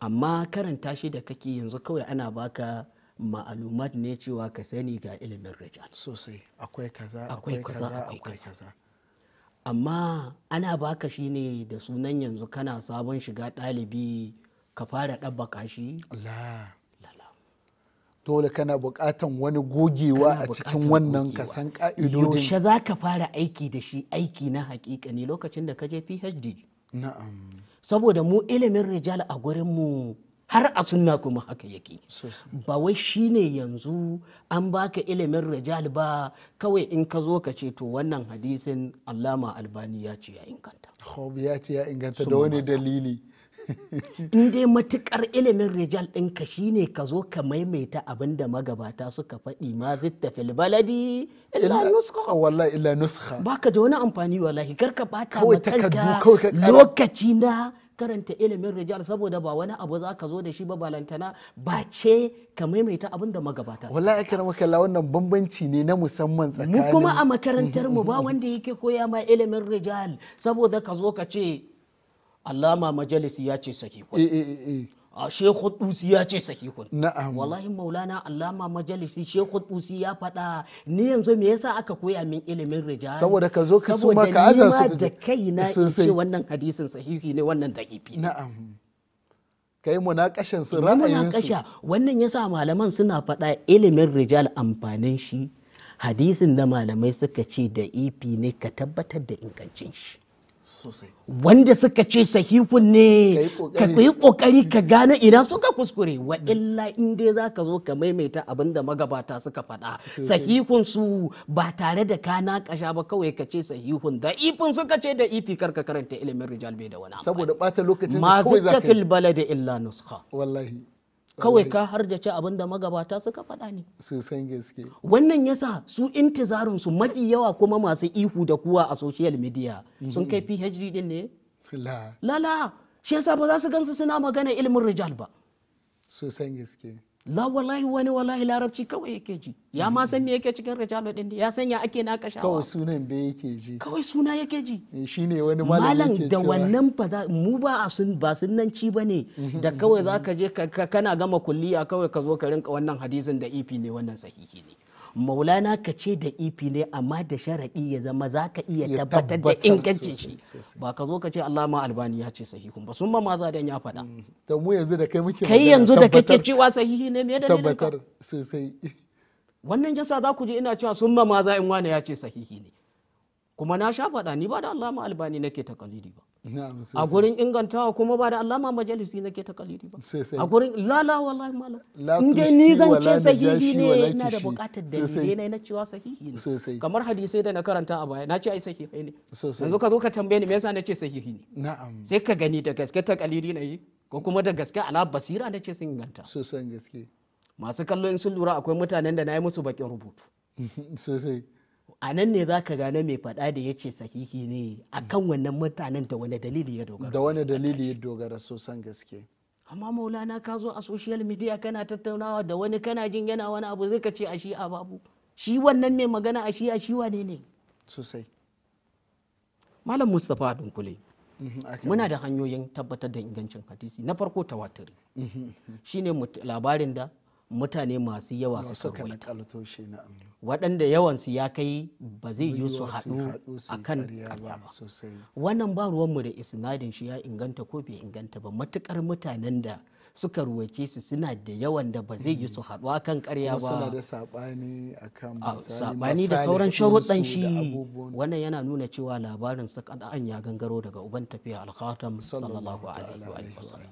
amma karanta shi da kake yanzu kawai ana baka ma'alumat ne cewa ka sani ga ilimin rijal sosai akwai kaza akwai kaza akwai kaza amma ana baka shi ne da sunan yanzu kana sabon shiga ɗalibi ka fara ɗabbaka shi dole kana buƙatan wani gogewa a cikin wannan ka san ƙa'idodin yaushe za ka fara aiki da shi aiki na hakika ne lokacin da ka je phd na'am saboda mu ilimin rijal a gurin mu har a sunna kuma haka yake ba wai shine yanzu an baka ilimin rajal ba kawai in ka zo ka ce to wannan hadisin allama albani ya ce ya inganta ya ce ya inganta da wani dalili in dai matukar ilimin rijal ɗinka shine ka zo ka maimaita abin da magabata suka faɗi ma zitta fil baladi illa nuskha walla illa nuskha ah, baka da wani amfani wallahi kar ka bata ma lokaci na karanta ilimin rijal saboda ba wani abu za ka zo da shi ba balantana ba ce ka maimaita abin da magabata wallahi akira makalla wannan bambanci ne na musamman tsakanin mu kuma a makarantar mu ba wanda yake koya ma ilimin rijal saboda ka zo ka ce allama majalisi ya ce saki a shekhu tusi ya ce sahihun na'am wallahi maulana allama majalisi shekhu Dusi ya faɗa ni yanzu me yasa aka koya min ilimin rijal saboda ka zo ka suma ka aza su da kai na ce wannan hadisin sahihi ne wannan da da'ifi na'am kai munakashin su ra'ayinsu wannan yasa malaman suna faɗa ilimin rijal amfanin shi hadisin da malamai suka ce da ifi ne ka tabbatar da ingancin shi wanda suka ce sahihun ne ka yi kokari ka gane idan suka kuskure wa illa inda dai za ka zo ka maimaita abinda magabata suka fada sahihun su ba tare da ka nakasha ba kawai ka ce sahihun da ifin suka ce da ifi karka karanta ilimin rijal bai da wani saboda bata lokacin da kawai za ma zaka fil balad illa nuskha wallahi kawai eh. ka harjace abin da magabata suka faɗa ne su san gaske wannan yasa su intizarin su mafi yawa kuma masu ihu da kuwa a social media sun kai mhm. PhD din ne la la shi yasa ba za su gansu suna magana ilimin rijal ba su san gaske la wallahi wani wallahi larabci kawai yake ji ya ma san me yake cikin rijalo din ya san ya ake na kashawa kawai sunan da yake ji kawai suna yake ji eh, shine wani malam yake da wannan fa mu ba a sun ba ci bane mhm. da kawai zaka je kana gama kulliya kawai ka zo ka rinka wannan hadisin da ifi e ne wannan sahihi ne maulana ka ce da ifi e ne amma da sharaɗi ya zama za ka iya tabbatar da ingancin shi ba ka zo ka ce Allah ma albani ya ce sahihun ba sun ma maza dan ya faɗa mm. to mu yanzu da kai muke kai yanzu da kake cewa sahihi ne me da tabbatar sosai wannan jasa za ku je ina cewa sun ma maza in wane ya ce sahihi ne kuma na sha faɗa ni ba da Allah ma albani nake takalidi ba a gurin ingantawa kuma ba da allama majalisi na ta takaliri ba a gurin lala wallahi mala inda ni zan ce sahihi ne ina da bukatar dalilai ne na cewa sahihi ne kamar hadisai da na karanta a baya na ce ai sahihi ne yanzu ka zo ka tambaye ni me yasa na ce sahihi ne na'am sai ka gani da gaske ta na yi ko kuma da gaske ala basira na ce sun inganta gaske masu kallo in sun lura akwai mutanen da na yi musu bakin rubutu sosai a nan ne za ka gane mai faɗa da ya ce sahihi ne a kan wannan mutanen da wani dalili ya dogara da wani dalili ya dogara sosan gaske amma maulana ka zo a social media kana tattaunawa da wani kana jin yana wani abu zai ka ce a shi a babu shi wannan mai magana a shi a shi wane ne sosai malam mustapha dunkule mhm, muna da hanyoyin tabbatar da ingancin hadisi na farko tawatiri mhm, mhm. shine labarin da mutane masu yawa su karwaito waɗanda yawansu ya kai ba zai yi su haɗu a kan ƙarya ba wannan ba ruwanmu da isnadin shi ya inganta ko bai inganta ba matuƙar mutanen da suka ruwace su suna da yawan da ba zai yi su haɗu akan karya ba suna da sabani kan sabani da sauran sharuɗan shi wannan yana nuna cewa labarin an ya gangaro daga uban tafiya alkhatam sallallahu alaihi wa sallam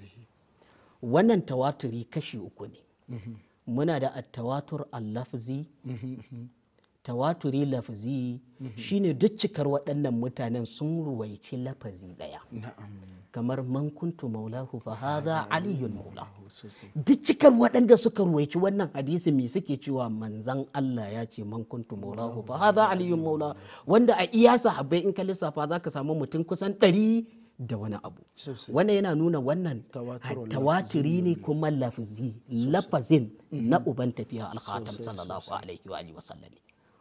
wannan tawaturi kashi uku ne mhm. muna da attawatur al-lafzi tawaturi lafzi shine duk cikar waɗannan mutanen sun ruwaici lafazi ɗaya kamar man maulahu fa hadha aliyun Maula. duk cikar waɗanda suka ruwaici wannan hadisi me suke cewa manzan Allah ya ce man maulahu fa hadha aliyun Maula wanda a iya sahabbai in ka lissafa zaka samu mutum kusan ɗari da wani abu wannan yana nuna wannan tawatiri ne kuma lafazi lafazin mm-hmm. na uban tafiya alkhatam sallallahu alaihi wa sallam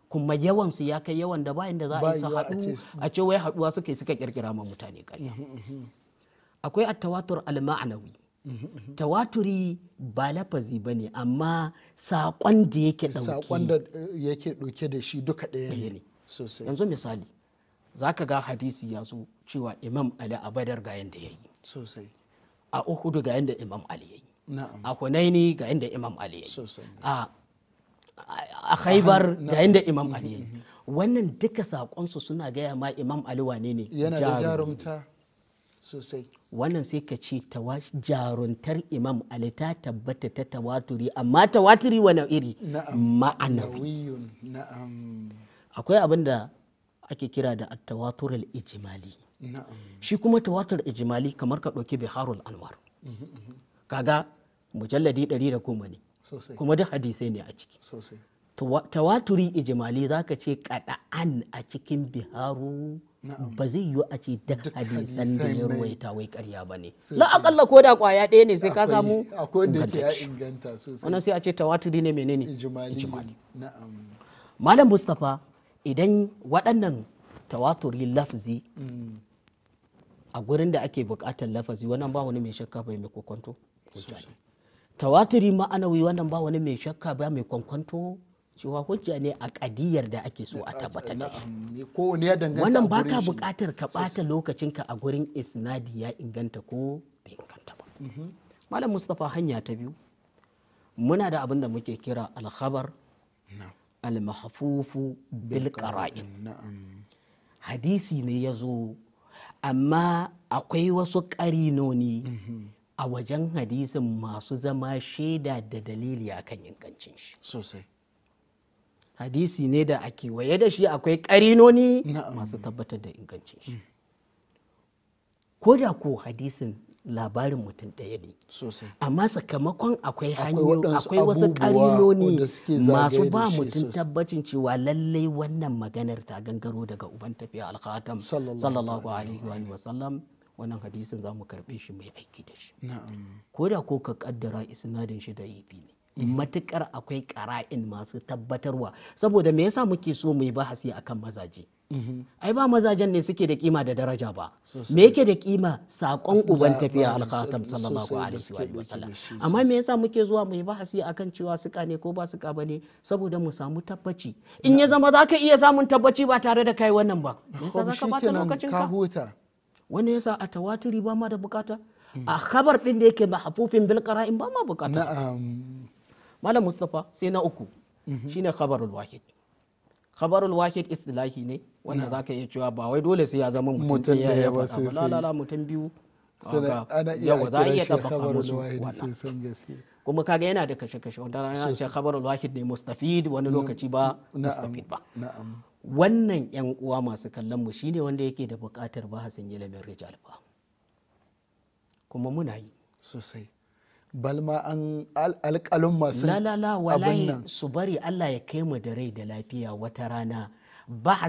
kuma yawan su ya kai yawan da bayan da za a yi su haɗu a ce wai haɗuwa suka suka kirkira ma mutane ƙarya mm-hmm, mm-hmm. akwai at-tawatur al-ma'nawi tawaturi ba lafazi ba ne amma saƙon da yake eh, ɗauke da shi duka ɗaya ne yanzu misali za ka ga hadisi ya zo cewa imam ali a badar ga yadda ya yi sosai a uhudu ga yadda imam ali ya yi a hunaini ga yadda imam ali ya yi a Haibar ga yadda imam ali ya yi mhm, mhm, mhm. wannan duka saƙonsu suna gaya ma imam ali wane ne yana da jarumta sosai wannan sai ka ce jaruntar imam ali ta tabbata ta tawaturi amma tawaturi wani iri ma'anawi akwai abin da ake kira da at-tawatur al-ijmali shi kuma tawatur ijmali kamar ka ɗauki biharul anwar kaga mujalladi 110 ne kuma da hadisai ne a ciki tawaturi ijimali za ka ce kada'an a cikin biharu ba zai yi a ce duk hadisan da ya ruwaita wai karya ba ne akalla ko da kwaya ɗaya ne sai ka samu ingantacci wannan sai a ce tawaturi ne menene ijimali malam mustapha idan waɗannan tawaturi lafzi a gurin da ake buƙatar lafazi wannan ba wani mai shakka bai mai kwakwanto tawaturi ma'anawi wannan ba wani mai shakka ba mai kwankwanto cewa hujja ne a kadiyar da ake so a tabbata da wannan ba ka buƙatar ka ɓata lokacinka a gurin isnadi ya inganta ko bai inganta ba mm-hmm. malam mustapha hanya ta biyu muna da abin da muke kira alkhabar almahafufu bilƙara'in hadisi ne ya zo amma akwai wasu ƙarinoni mhm. a wajen hadisin masu zama shaida da dalili akan ingancin shi sosai hadisi ne da ake waye da shi akwai ƙarinoni masu tabbatar da ingancin shi mm. ko da ko hadisin labarin mutum ɗaya ne amma sakamakon akwai hanyoyi akwai wasu ƙarinoni masu ba mutum tabbacin cewa lallai wannan maganar ta gangaro daga uban tafiya alkhatam sallallahu alaihi wa sallam wannan hadisin za mu karɓe shi mai aiki da shi ko da ko ka kaddara isnadin shi da yafi ne mm-hmm. matukar akwai ƙara'in masu tabbatarwa saboda me yasa muke so mu yi bahasi akan mazaje Mm-hmm. ai ba mazajen ne suke da kima da daraja ba me yake da kima sakon uban tafiya alkhatam sallallahu alaihi wa sallam amma me yasa muke zuwa mu yi bahasi akan cewa suka ne ko ba suka bane saboda mu samu tabbaci in ya zama zaka iya samun tabbaci ba tare da kai wannan ba yasa zaka bata lokacin ka wani yasa a tawaturi ba ma da bukata a khabar din da yake mahfufin bil qara'in ba ma bukata malam mustafa sai na uku mm-hmm. shine khabarul wahid khabarul wahid istilahi ne wanda zaka iya cewa ba wai dole sai ya zama mutum ya yaba sai sai la mutum biyu ana iya za a iya tabbaka musu kuma kaga yana da kashe-kashe wanda rana ce khabarul wahid ne mustafid wani lokaci ba mustafid ba wannan yan uwa masu kallon mu shine wanda yake da buƙatar bahasin ilimin rijal ba kuma muna yi sosai balma an alƙalin masu la la su bari Allah ya kai mu da rai da lafiya wata rana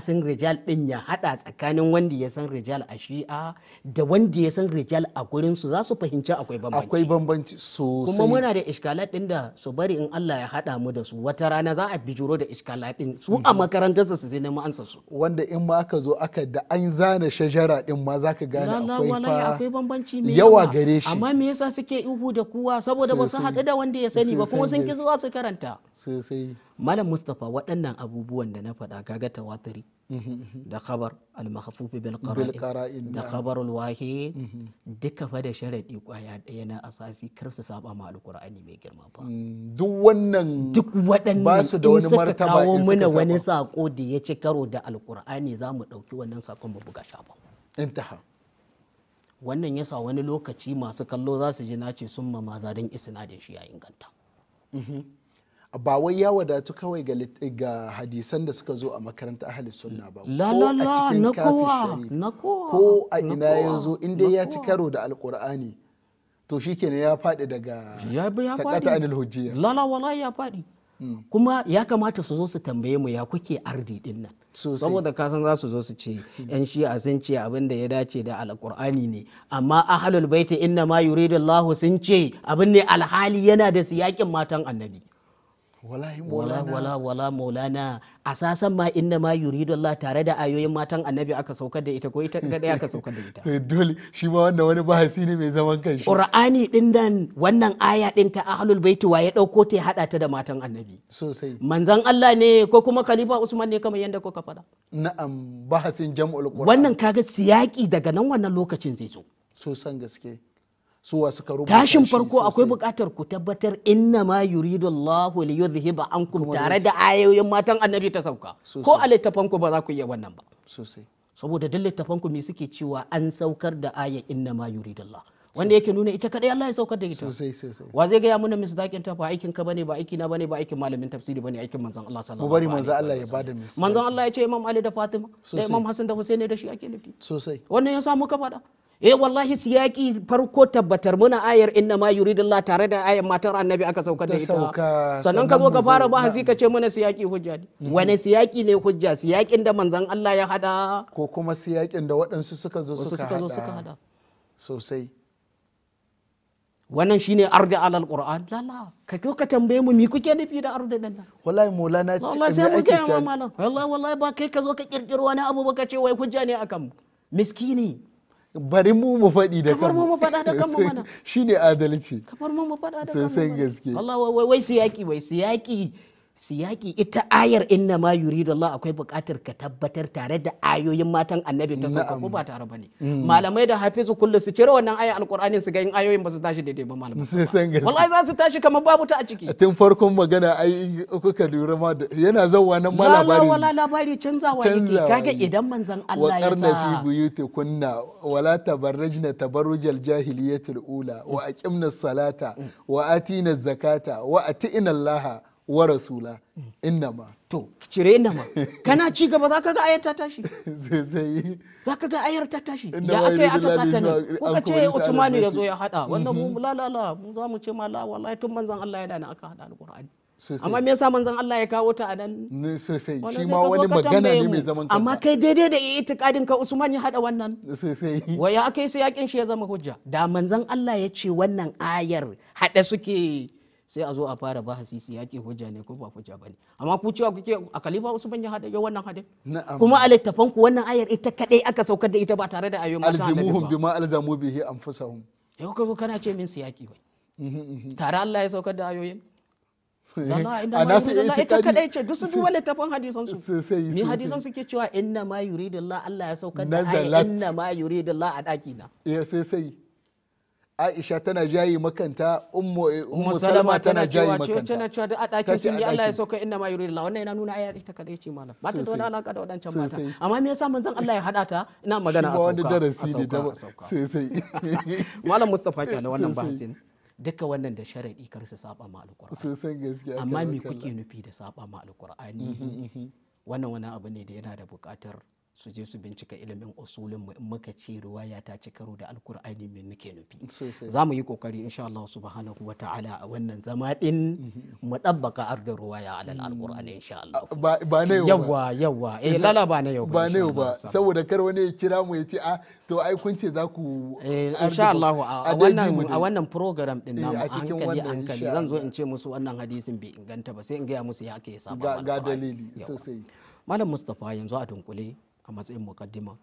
san rijal din ya hada tsakanin wanda ya san rijal a shi'a da wanda ya san rijal a gurin su za su fahimci akwai bambanci akwai bambanci sosai kuma muna da iskalat din da su bari in Allah ya hada mu da su wata rana za a bijiro da iskalat din su a mhm. makarantar su sai neman ansa su wanda in ma aka zo aka da an zana shajara din ma zaka gane akwai fa akwai bambanci ne yawa gare shi amma me yasa suke ihu da kuwa saboda ba su haɗu da wanda ya sani ba kuma sun ki zuwa su karanta sosai malam mustapha waɗannan abubuwan da na faɗa kaga tawatiri mm-hmm. da khabar al mahfufi bil qara'in da khabar al wahi mm-hmm. duka fa da sharadi kwaya ɗaya na asasi kar su saba ma al-qur'ani mai girma fa mm, duk wannan duk waɗannan ba su da wani martaba in suka kawo wani sako da ya ci karo da al-qur'ani za mu ɗauki wannan sakon mu buga shafa intaha wannan yasa wani lokaci masu kallo za su ji nace sun ma maza isnadin shi ya inganta mm-hmm. ba wai ya wadatu kawai ga hadisan da suka zo a makaranta ahli sunna ba ko a cikin kafin ko a ina ya zo inda ya ci karo da alkur'ani to kenan ya faɗi daga sakata anil hujjiya lala wala ya faɗi hmm. kuma ya kamata su zo su tambaye mu ya kuke ardi din nan saboda kasan za su zo su ce yan shi a sun ce abin da ya dace da alkur'ani ne amma ahlul baiti inna ma yuridu sun ce abin ne alhali yana da siyakin matan annabi wala wala wala maulana a sasan ma inna ma yuri dola tare da ayoyin matan annabi aka saukar da ita ko ita daya aka saukar da ita dole shi ma wannan wani bahasi ne mai zaman kanshi qur'ani din nan wannan aya din ta ahlul baiti wa ya dauko ta hada ta da matan annabi sosai manzon Allah ne ko kuma khalifa Usman ne kamar yanda kuka faɗa na'am bahasin jam'ul qur'an wannan kaga siyaki daga nan wannan lokacin zai zo sosan gaske suwa suka rubuta tashin farko akwai buƙatar ku tabbatar inna ma yuridu Allahu li yuzhiba ankum tare da ayoyin matan annabi ta sauka ko a littafan ku ba za ku iya wannan ba sosai saboda duk littafan ku me suke cewa an saukar da aya inna ma yuridu Allah wanda yake nuna ita kadai Allah ya saukar da ita sosai sosai wa zai ga ya muna misdakin ta ba aikin ka bane ba aiki na bane ba aikin malamin tafsiri bane aikin manzon Allah sallallahu alaihi wasallam mu bari manzon Allah ya bada misdaki manzon Allah ya ce Imam Ali da Fatima da Imam Hassan da Hussein ne da shi ake nufi sosai wannan ya samu ka fada eh wallahi siyaki farko tabbatar muna ayar inna ma yuridullah tare da ayar matar annabi aka sauka da ita sannan ka zo ka fara ba hasi ka ce muna siyaki hujja ne mm-hmm. wani siyaki ne hujja siyakin da manzon Allah ya hada ko kuma siyakin da waɗansu suka zo suka hada sosai wannan shine arda alal qur'an lala ka to ka tambaye mu mi kuke nufi da arda nan wallahi maulana wallahi sai mu kai malam wallahi wallahi ba kai ka zo ka kirkiro wani abu ba ka ce wai hujja ne akan miskini bari mu mu faɗi da kanmu mu faɗa da kanmu mana shine adalci kamar mu mu faɗa da kanmu sosai gaske Allah wai siyaki wai siyaki siyaki ita ayar inna ma yuridu Allah akwai buƙatar ka tabbatar tare da ayoyin matan annabi ta sauka ko ba tare bane mm. malamai da hafizu kullu su cire wannan aya alqur'ani su ga in ayoyin ba su tashi daidai ba malamai sai san gaskiya wallahi za su tashi kamar babu ta a ciki tun farkon magana ai kuka lura ma yana zawwa nan ma labari wala labari canzawa yake kaga idan manzon Allah ya sa wa fi buyuti kunna wala tabarrajna tabarrujal jahiliyatil ula wa aqimna salata wa atina zakata wa atina allaha wa rasula inna ma to cire inna ma kana ci gaba za ka ga ayar ta tashi sai za ka ga ayar ta tashi ya aka yi aka sata ne ko ka ce usmani ya zo ya hada wanda mu la la la mu za mu ce ma la wallahi tun manzon Allah ya dana aka hada alqur'ani amma me yasa manzon Allah ya kawo ta a nan sosai shi ma wani magana ne mai zaman kanta amma kai daidai da itikadin ka Usman ya hada wannan sosai ya akai sai yakin shi ya zama hujja da manzon Allah ya ce wannan ayar hada suke sai a zo a fara bahasi su yaƙi hujja ne ko ba hujja bane amma ku cewa kuke a kalifa usman ya hada wannan hadin kuma a littafan ku wannan ayar ita kadai aka saukar da ita ba tare da ayoyin alzimuhum bima alzamu bihi anfusahum yau ka kana ce min su yaƙi bai tare Allah ya saukar da ayoyin eh, a nasu ita kadai ce duk su duba littafin hadisan su ni hadisan suke cewa inna ma yuridu Allah ya saukar da ayoyin inna ma Allah a daki na eh, sai sai aisha tana jayi makanta ummu eh, ummu salama tana jayi makanta tana cewa da a dakin sun Allah ya sauka inna ma yuridu Allah wannan yana nuna ayar ita kadai ce malam ba ta da wani alaka da wadancan mata amma me yasa manzon Allah ya hada ta ina magana a sauka wani darasi ne da sai sai malam mustafa kenan wannan bahasin duka wannan da sharadi kar su saba ma alqur'ani sosan gaskiya amma me kuke nufi da saba ma alqur'ani mhm, mhm. wannan wani abu ne da yana da buƙatar su je su bincika ilimin usulin mu in muka ce riwaya ta ci karo da alkur'ani mai muke nufi za mu yi kokari insha Allah subhanahu wa ta'ala a wannan zama din mu dabbaka arda riwaya alal alkur'ani insha Allah ba ne yawa yawa eh lala ba ne yau ba ne ba saboda kar wani ya kira mu ya ce a ah, to ai kun ce za ku eh, insha Allah a wannan a wannan program din eh, namu hankali hankali zan zo in ce musu wannan hadisin bai inganta ba sai in gaya musu ya ake saba ga dalili sosai malam Mustapha yanzu a dunkule a matsayin mukaddima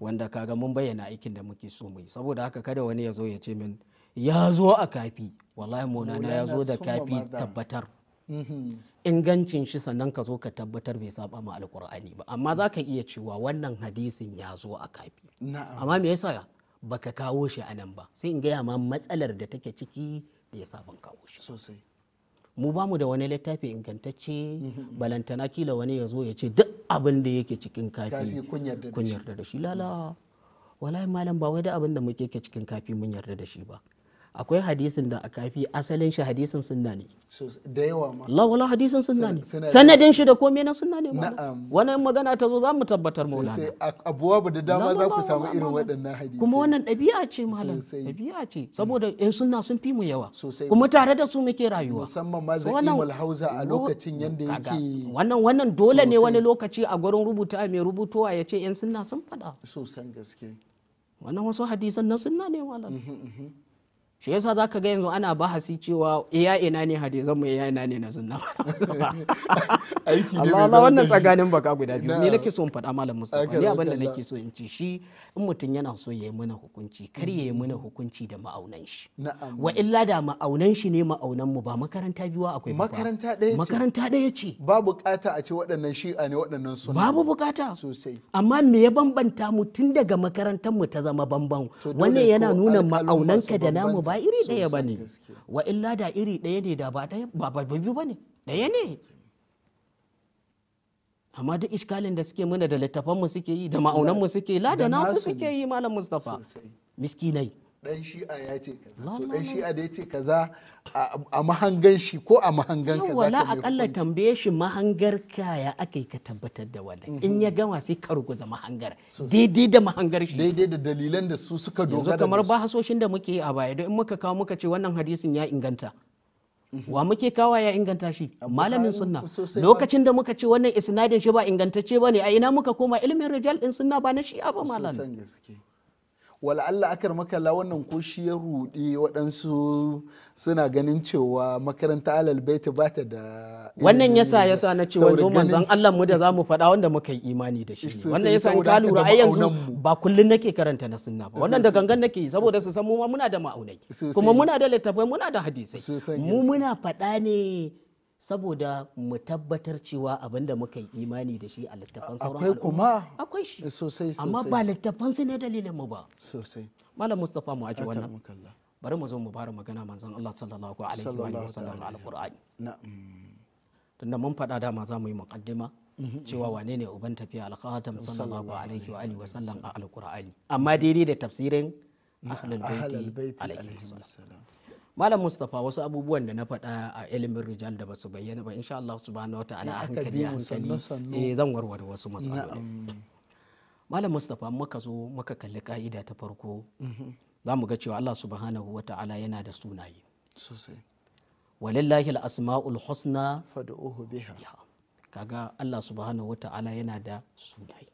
wanda kaga mun bayyana aikin da muke so mu yi saboda haka kada wani ya zo ya ce min ya zo a kafi wallahi monana ya zo da kafi tabbatar mm-hmm. ingancin shi sannan ka zo ka tabbatar bai saba ma alkur'ani ba amma za ka iya cewa wannan hadisin ya zo a kafi amma me yasa baka kawo shi a nan ba sai in gaya ma matsalar da take ciki da ya saban kawo shi sosai mu ba mu da wani littafi ingantacce mm-hmm. balantana kila wani ya zo ya ce duk abin da yake cikin kafi kun yarda da shi lala wallahi malam ba wai da abin da muke cikin kafi mun yarda da shi ba akwai hadisin da aka fi asalin shi hadisin sunna ne da yawa ma la wala hadisin sunna ne sanadin shi da komai na sunna ne na'am wannan magana ta zo za mu tabbatar maulana sai abuwa da dama za ku samu irin waɗannan hadisi kuma wannan ɗabi'a ce malam ɗabi'a ce mm. saboda in sunna sun fi mu yawa kuma tare da su muke rayuwa musamman ma za'imul hauza a lokacin yanda yake wannan wannan dole ne wani lokaci a gurin rubuta mai rubutowa ya ce in sunna sun faɗa sosan gaske wannan wasu hadisan na sunna ne malam mhm, mhm. shi yasa za ka ga yanzu ana bahasi cewa iya eh, ina ne zan mu iya eh, ina ne na zunna aiki Allah wannan tsaganin baka guda biyu ne nake so in faɗa malam Mustafa ni abinda nake so in ci shi in mutum yana so ya yi mana hukunci kar ya yi mana hukunci da ma'aunan shi wa illa da ma'aunan shi ne ma'aunan mu ba makaranta biyu akwai makaranta ɗaya ce makaranta ɗaya ce ba bukata a ce waɗannan a ne waɗannan sunna babu bukata sosai amma me ya bambanta mu tun daga makarantar mu ta zama bamban wannan yana nuna ma'aunan ka da namu ba iri ɗaya ba ne wa illa da iri ɗaya ne da ba ɗaya ba biyu ba ne ɗaya ne amma duk iskalin da suke muna da littafanmu suke yi da ma'aunanmu suke la da nasu suke yi malam mustapha miskinai dan shi'a ya ce kaza to dan shi'a da ya ce kaza a mahangan shi ko a mahangan kaza wala akalla tambaye shi mahangar kaya aka yi ka tabbatar da wannan in ya gama sai ka ruguza mahangar daidai da mahangar shi daidai da dalilan da su suka dogara yanzu kamar ba hasoshin da muke yi a baya don in muka kawo muka ce wannan hadisin ya inganta wa muke kawa ya inganta shi malamin sunna lokacin da muka ce wannan isnadin shi ba ingantacce bane a ina muka koma ilimin rijal din sunna ba na shi'a ba malamin wala Allah akar makalla wannan ko shi ya rudi waɗansu suna ganin cewa makaranta alal baiti ba ta da wannan yasa yasa na cewa wanzo manzon Allah mu da zamu faɗa wanda muka yi imani da shi wannan yasa ka lura ai yanzu ba kullun nake karanta na sunna ba wannan da gangan nake saboda su san mu muna da ma'aunai kuma muna da littafai muna da hadisai mu muna faɗa ne saboda mu tabbatar cewa abinda muka yi imani da shi a littafan sauran akwai kuma akwai shi sosai eh, sosai amma ba littafan su ne dalilin mu ba sosai malam mustafa mu aji wannan bari mu zo mu fara magana manzon Allah sallallahu alaihi wa sallam alqur'ani na'am tunda mun faɗa dama za mu yi muqaddima mhm. cewa wane ne uban tafiya alkhatam sallallahu alaihi wa alihi wa sallam a alqur'ani amma daidai da tafsirin ahlul baiti alaihi sallam. malam mustapha wasu abubuwan da na faɗa a ilimin rijal da basu bayyana ba insha Allah subhanahu wataala a hankali hankali eh zan warware wasu matsaloli malam mustapha muka zo muka kalli ka'ida ta farko mhm. za mu ga cewa Allah subhanahu wataala yana da sunaye walillahi al-asma'ul husna fad'uhu biha kaga Allah subhanahu wataala yana da sunaye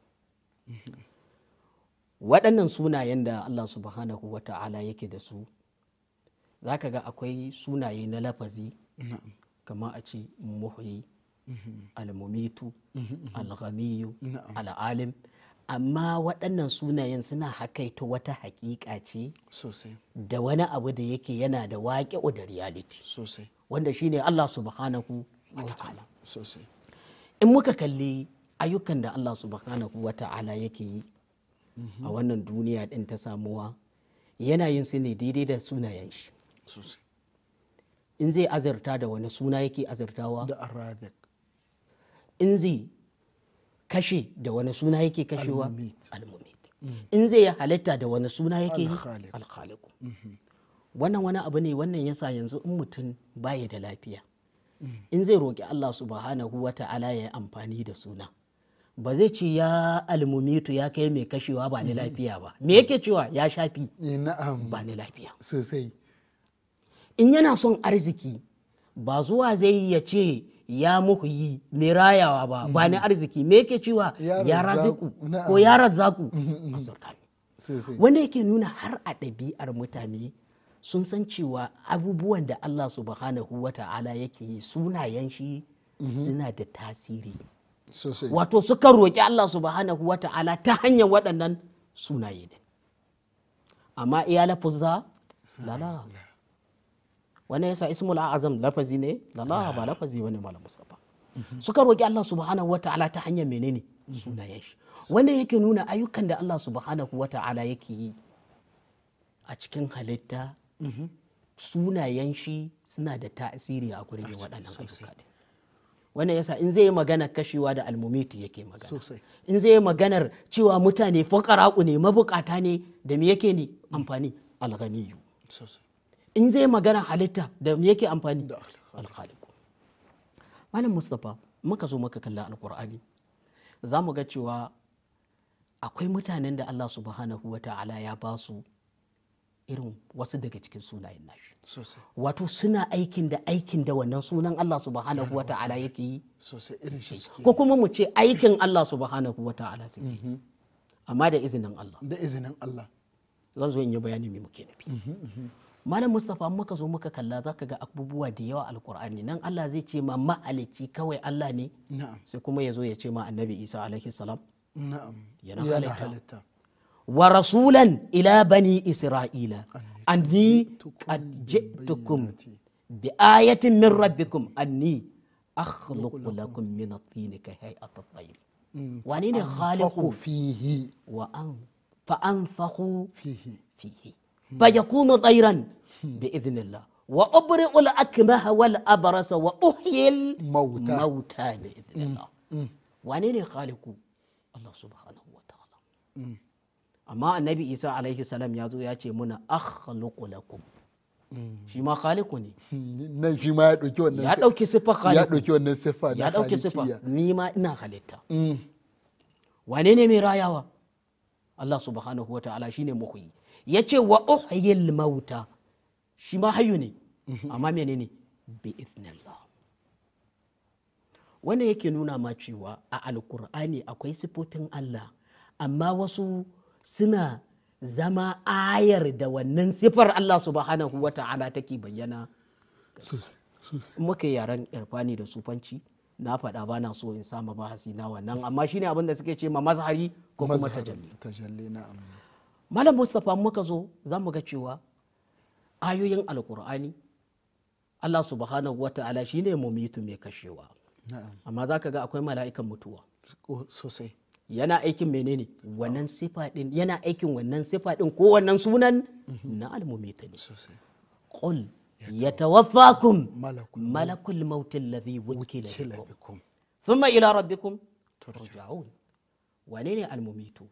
mhm. waɗannan sunayen da Allah subhanahu wa ta'ala yake da su za ka ga akwai sunaye na lafazi kamar a ce muhyi mhm. almumitu mhm, mhm. alghaniyu al'alim amma waɗannan sunayen suna ta wata haƙiƙa ce da wani abu da yake yana da waƙe da reality wanda shine Allah subhanahu wa ta'ala in muka kalli ayyukan da Allah subhanahu wa ta'ala yake yi a wannan duniya ɗin ta samuwa yana yin su ne daidai da sunayen shi in zai azarta da wani suna yake azartawa da in zai kashe da wani suna yake kashewa almumit in zai halitta da wani suna yake yi alkhaliku mm-hmm. wannan wani abu ne wannan yasa yanzu in mutum baya da lafiya mm. in zai roƙi Allah subhanahu wa ta'ala ya yi amfani da suna ba zai ce ya almumitu ya kai mai kashewa ba ni mm-hmm. lafiya ba me yake cewa ya shafi eh, ba ni lafiya sosai in yana son arziki ba zuwa zai ya ce ya muku yi mai rayawa ba ba ni mm-hmm. arziki me yake cewa ya raziku ko ya razaku mm-hmm, mm-hmm. wanda yake nuna har a ɗabi'ar mutane sun san cewa abubuwan da Allah subhanahu wa ta'ala yake yi sunayen shi suna da tasiri wato suka roƙi Allah subhanahu wa ta'ala ta hanyar waɗannan sunaye ne, amma iya lafuzza lalala wannan yasa ismul azam lafazi ne Allah ba lafazi bane malam mustafa suka roki Allah subhanahu wataala ta hanyar menene sunayen shi wanda yake nuna ayyukan da Allah subhanahu wataala yake yi a cikin halitta sunayen shi suna da tasiri a gurin waɗannan ayyuka din ya yasa in zai yi kashewa da almumiti yake magana in zai yi maganar cewa mutane fakaraku ne mabukata ne da me yake ne amfani alganiyu in zai magana halitta da yake amfani da alkhaliku malam mustapha muka zo muka kalla alkur'ani za mu ga cewa akwai mutanen da allah subhanahu wa ta'ala ya ba su irin wasu daga cikin sunayen nashi wato suna aikin da aikin da wannan sunan Allah subhanahu wata'ala yake yi ko kuma mu ce aikin Allah subhanahu wata'ala suke yi mhm. amma da izinin Allah da izinin Allah zan zo in yi bayani mai muke nufi mhm, mhm. malam mustapha muka zo muka kalla zaka ga abubuwa da yawa alkur'ani nan Allah zai ce ma ma'alici kawai Allah ne sai kuma ya zo ya ce ma annabi Isa alaihi salam yana halitta wa rasulan ila bani isra'ila anni qad ji'tukum bi ayatin min rabbikum anni akhluqu lakum min at-tin ka hay'at at-tayr mm. wani ne khaliqu fihi wa an fa anfakhu fihi fihi فيكون yakunu tsairan الله idhnillah wa ubri'u al الموتى موتى abrasa wa uhyil mauta الله سبحانه wane ne khaliku Allah عليه السلام ta'ala amma annabi Isa لكم ya zo ya ce muna shi ma khaliku ne nan shi ma ya ɗauki wannan ya ɗauki sifa khaliku ya ɗauki wannan sifa ya ɗauki sifa ni ma ina halitta wane ne mai rayawa Allah subhanahu wa ta'ala shine muhyi ya ce wa uhyil mauta shi ma hayu ne amma menene bi idnillah wannan yake nuna ma cewa a alkur'ani akwai sifofin Allah amma wasu suna zama ayar da wannan sifar Allah subhanahu wa ta'ala take bayyana muka yaren irfani da sufanci na faɗa ba na so in sama bahasi na wannan amma shine abin da suke ce ma mazhari ko kuma tajalli malam mustapha muka zo za mu ga cewa ayoyin alkur'ani allah subhanahu wa ta'ala shi ne mumitu mai kashewa amma za ka ga akwai mala'ikan mutuwa sosai yana aikin menene wannan sifa din yana aikin wannan sifa din ko wannan sunan mhm. na almumitu ne qul yatawaffakum malakul maut alladhi wukila bikum thumma ila rabbikum turja'un wane ne almumitu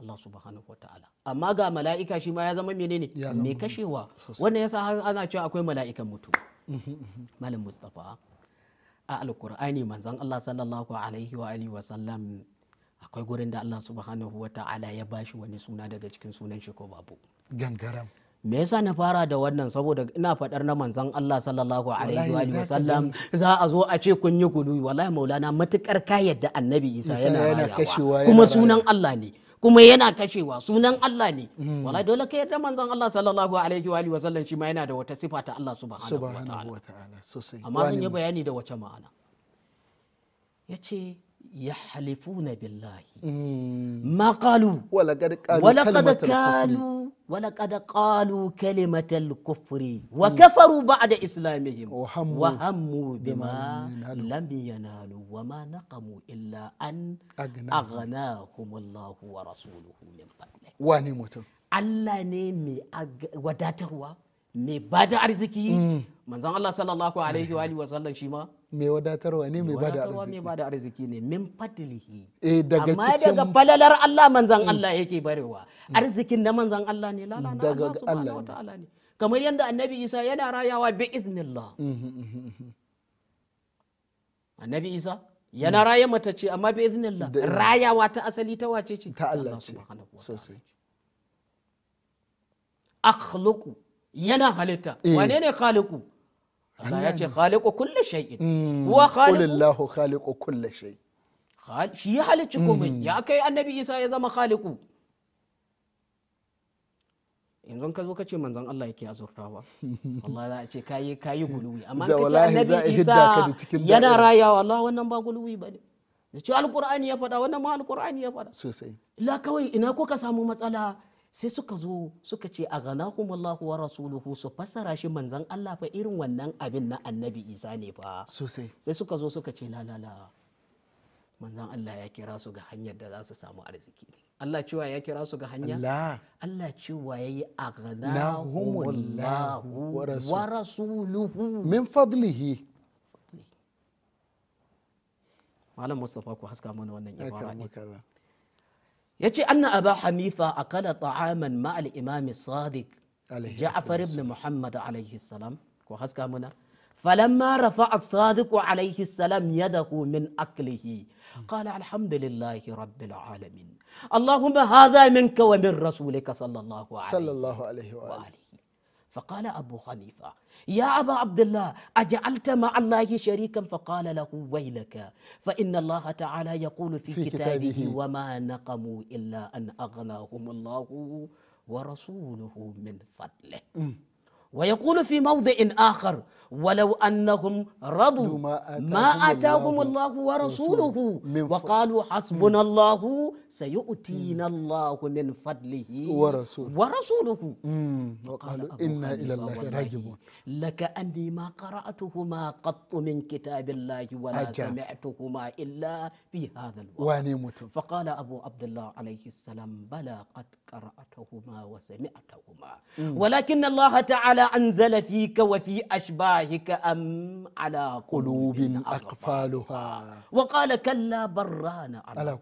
Allah subhanahu wa ta'ala amma ga mala'ika shi ma ya zama menene mai kashewa wannan yasa har ana cewa akwai mala'ikan mutu mhm, mhm. malam mustafa a alqur'ani manzon Allah sallallahu alaihi wa alihi wa sallam akwai gurin da Allah subhanahu wa ta'ala ya bashi wani suna daga cikin sunan shi ko babu gangaram me yasa na fara da wannan saboda ina fadar na manzon Allah sallallahu alaihi wa sallam za a zo a ce kun yi gudu wallahi maulana matukar ka yadda annabi Isa yana kashewa kuma sunan Allah ne kuma yana kashewa sunan Allah ne hmm. wala dole ka yarda manzon Allah sallallahu alaihi wa alihi wasallam shi ma yana da wata sifa ta Allah subhanahu wa ta'ala sosai amma mun yi bayani da wace ma'ana yace yahlifuna billahi ma qalu walaqad kanu walaqad qalu kalimatal kufri wa kafaru ba'da islamihim wa hammu bima lam yanalu wa ma naqamu illa an aghnahum Allah wa rasuluhu wani mutum Allah ne mai wadatarwa mai bada arziki manzon Allah sallallahu alaihi wa sallam shi ma mai wadatarwa ne mai bada arziki ne min fadlihi eh daga cikin amma daga falalar Allah manzan mm. Allah yake barewa mm. arzikin na manzan Allah ne lala na Allah subhanahu wataala ne kamar yadda annabi Isa yana rayawa bi iznillah mm-hmm, mm-hmm, mm-hmm. annabi Isa mm. yana raye mata ce amma bi iznillah rayawa ta asali ta wace ce ta Allah ce sosai akhluqu yana halitta eh. wane ne khaliqu Allah ya ce khaliqu kulli shay'in mm. wa khaliqu khaliqu kulli shay shi ya halicci komai mm. ya kai annabi Isa ya zama khaliqu yanzu ka zo ka ce manzon Allah yake azurtawa Allah za a ce kai kai gulwi amma ka ce annabi Isa yana rayawa Allah wannan ba gulwi bane ya ce alqur'ani ya faɗa wannan ma alqur'ani ya faɗa sosai la kawai ina ko ka samu matsala sai suka zo suka ce a ganahum Allahu wa rasuluhu su fassara shi manzan Allah fa irin wannan abin na annabi Isa ne fa sosai sai suka zo suka ce la la la manzan Allah ya kira su ga hanyar da za su samu arziki Allah cewa ya kira su ga hanya Allah cewa ya yi a ganahumullahu wa rasuluhu min fadlihi Malam Mustapha ku haska mana wannan ibara ne. ya ce anna aba hanifa a kala ta'aman ma'al imami sadiq ja'afar ibn muhammad alaihi salam ko haska muna فلما رفع الصادق عليه السلام يده من أكله قال الحمد لله رب العالمين اللهم هذا منك ومن رسولك صلى الله عليه, صلى الله عليه وآله فقال أبو حنيفة يا أبا عبد الله أجعلت مع الله شريكا فقال له ويلك فإن الله تعالى يقول في, في كتابه, كتابه وما نقموا إلا أن أغناهم الله ورسوله من فضله ويقول في موضع آخر ولو أنهم رضوا ما آتاهم الله ورسوله وقالوا حسبنا الله سيؤتينا الله من فضله ورسوله, ورسوله وقالوا إنا إلى الله راجعون لك أني ما قرأتهما قط من كتاب الله ولا أجل. سمعتهما إلا في هذا الوقت فقال أبو عبد الله عليه السلام بلى قد قرأتهما وسمعتهما ولكن الله تعالى ta'ala anzala fika wa ashbahika am ala qulubin aqfaluha wa qala kalla barrana ala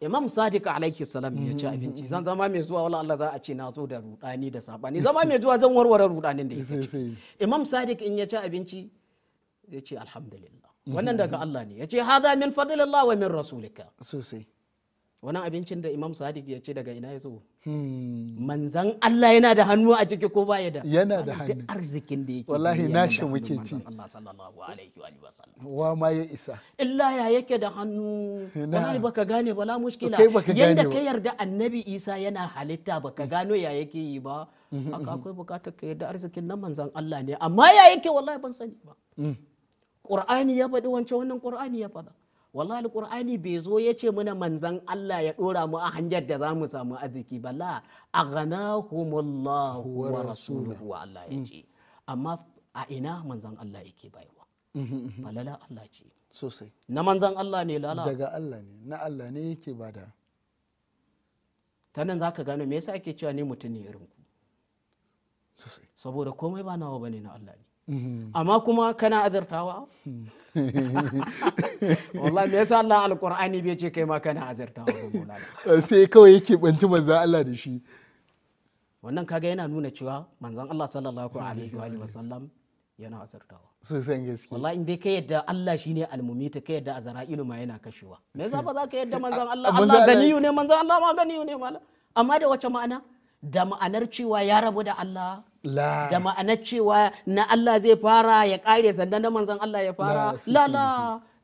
imam sadiq alaihi salam ya ci abinci zan zama mai zuwa wala Allah za a ce na zo da rudani da sabani zama mai zuwa zan warware rudanin da yake imam sadiq in ya ci abinci ya ce alhamdulillah Mhm. wannan daga Allah ne yace haza min fadlillah wa min rasulika sosai wannan abincin da Imam Sadiq ya ce daga ina ya zo hmm. manzan Allah yana da hannu a ciki ko baya da yana da hannu arzikin da yake wallahi nashi muke ci Allah sallallahu alaihi wa wasallam wa ma ya isa illa ya yake da hannu wallahi baka gane bala mushkila yanda ka yarda annabi Isa yana halitta baka gano ya yake yi ba mhm, haka mhm. akwai bukatar ka yarda arzikin nan manzan Allah ne amma ya yake wallahi ban sani ba mm. Qur'ani ya faɗi wancan wannan Qur'ani ya faɗa wallahi Qur'ani bai zo ya ce mana manzan Allah ya ɗora mu a hanyar da za mu samu arziki ba la aghnahumullahu wa rasuluhu wa Allah ya ce amma a ina manzan Allah yake bayarwa balala mm-hmm, mm-hmm. Allah ce sosai na manzan Allah ne lala daga Allah ne na Allah ne yake bada tanan zaka gano me yasa ake cewa ne mutum ne irin ku sosai saboda komai ba nawa bane na Allah ne Mm-hmm. amma kuma kana azartawa wallahi me yasa Allah alqur'ani bai ce kai ma kana azartawa sai kawai yake banci manzon Allah da shi wannan kaga yana nuna cewa manzon Allah sallallahu alaihi wa wasallam yana azartawa sosan gaske wallahi in dai ka yadda Allah shine almumita ka yadda azra'ilu ma yana kashewa me yasa ba za ka yadda manzon Allah Allah ganiyu ne manzon Allah ma ganiyu ne mala amma da wace ma'ana da ma'anar cewa ya rabu da Allah da ma'anar cewa na Allah zai fara ya kare sandan da manzon Allah ya fara la la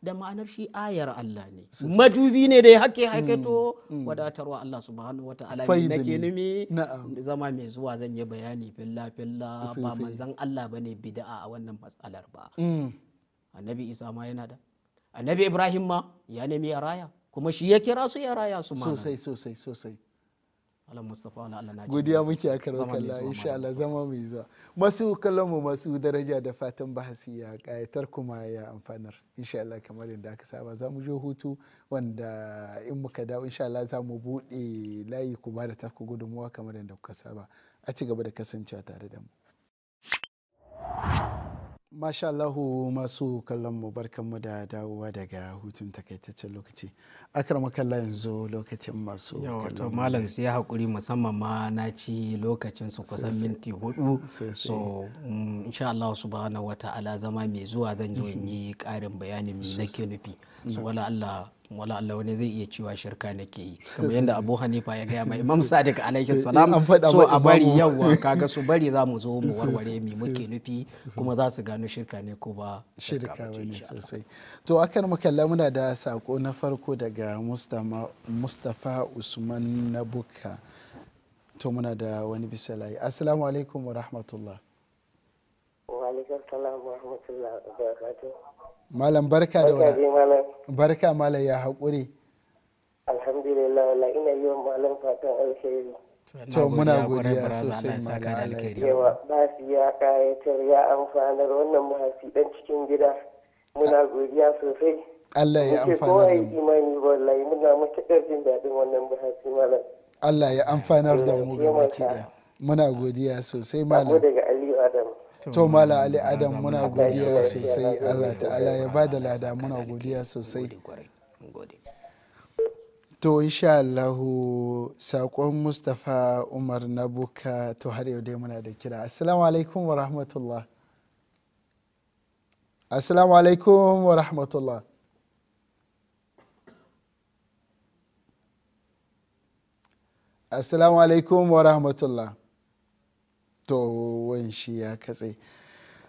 da ma'anar shi ayar Allah ne madubi ne da ya hake mm, haikato mm. wadatarwa Allah subhanahu wata'ala ne nake nimi zama mai zuwa zan yi bayani filla filla ba manzon Allah bane bid'a a wannan matsalar ba mm. annabi Isa ma yana da annabi Ibrahim ma ya nemi ya raya kuma shi ya kira su ya raya su ma sosai sosai sosai Allah Mustafa godiya muke a karo kalla insha Allah zama mai zuwa masu kallon mu masu daraja da fatan bahasi ya kayatar kuma ya amfanar insha Allah kamar yadda aka saba za mu je hutu wanda in muka dawo insha Allah za mu bude layi ku da taku gudunmuwa kamar yadda kuka saba a ci gaba da kasancewa tare da mu Masha Allahu masu kallonmu barkanmu da dawowa daga hutun takaitaccen lokaci. kalla yanzu lokacin masu kallon. Malam sai ya haƙuri musamman ma na ci lokacin su kusan minti hudu. So mm, insha Allah ba wata ala zama mai zuwa zan yi ƙarin bayanin da ke nufi. su wala Allah wala Allah wani zai iya cewa shirka nake yi kamar yadda Abu Hanifa ya gaya mai Imam Sadiq alaihi eh, salam so a bari yawa kaga su bari za mu zo mu warware mi muke nufi kuma za su gano shirka ne ko ba shirka wani sosai to akan makalla muna da sako na farko daga Mustafa Usman Nabuka to muna da wani bisalai assalamu alaikum wa rahmatullah wa alaikum salam wa rahmatullah wa barakatuh malam barka da wada barka malam ya haƙuri alhamdulillah la ina yi wa malam fatan alheri to muna godiya sosai malam alheri yawa ba su ya kayatar ya amfanar wannan muhasi dan cikin gida muna godiya sosai Allah ya amfanar da mu imani wallahi muna matuƙar jin daɗin wannan muhasi malam Allah ya amfanar da eh, mu gaba ki muna godiya sosai malam daga Aliyu to mala ali adam muna godiya sosai allah ta'ala ya ba da lada muna godiya sosai to insha Allah saƙon mustapha umar na buka to har yau dai muna da kira assalamu alaikum wa rahmatullah assalamu alaikum wa rahmatullah assalamu alaikum wa rahmatullah to wanshi ya katse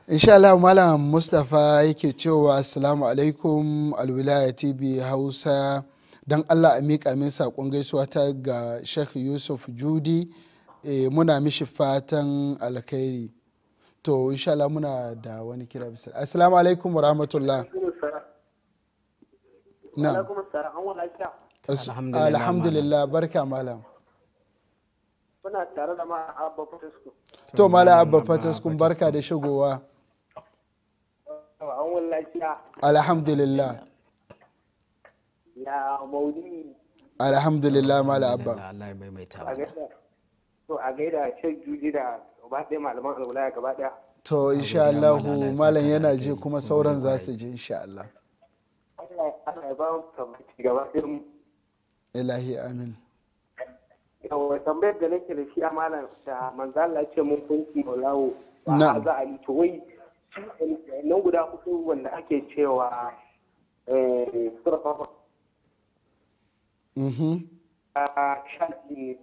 insha Allah malam mustapha yake cewa assalamu alaikum alwilaya tv hausa don allah a miƙa min saƙon gaisuwa ta ga sheikh yusuf judi e, muna mishi fatan alkhairi to insha Allah muna da wani kira bisa assalamu alaikum wa rahmatullah na alhamdulillah barka malam muna tare da ma abba to mala abba fatas kun barka da shigowa alhamdulillah alhamdulillah mala abba to in sha insha Allah malam yana je kuma sauran za su je insha Allah Allah ya ba mu gaba ilahi amin yawa tambayar da nake da shi a malam da manzala ce mun kunki lawo a za a yi tuwai wai nan guda hudu wanda ake cewa eh surafa mm-hmm. a shaɗi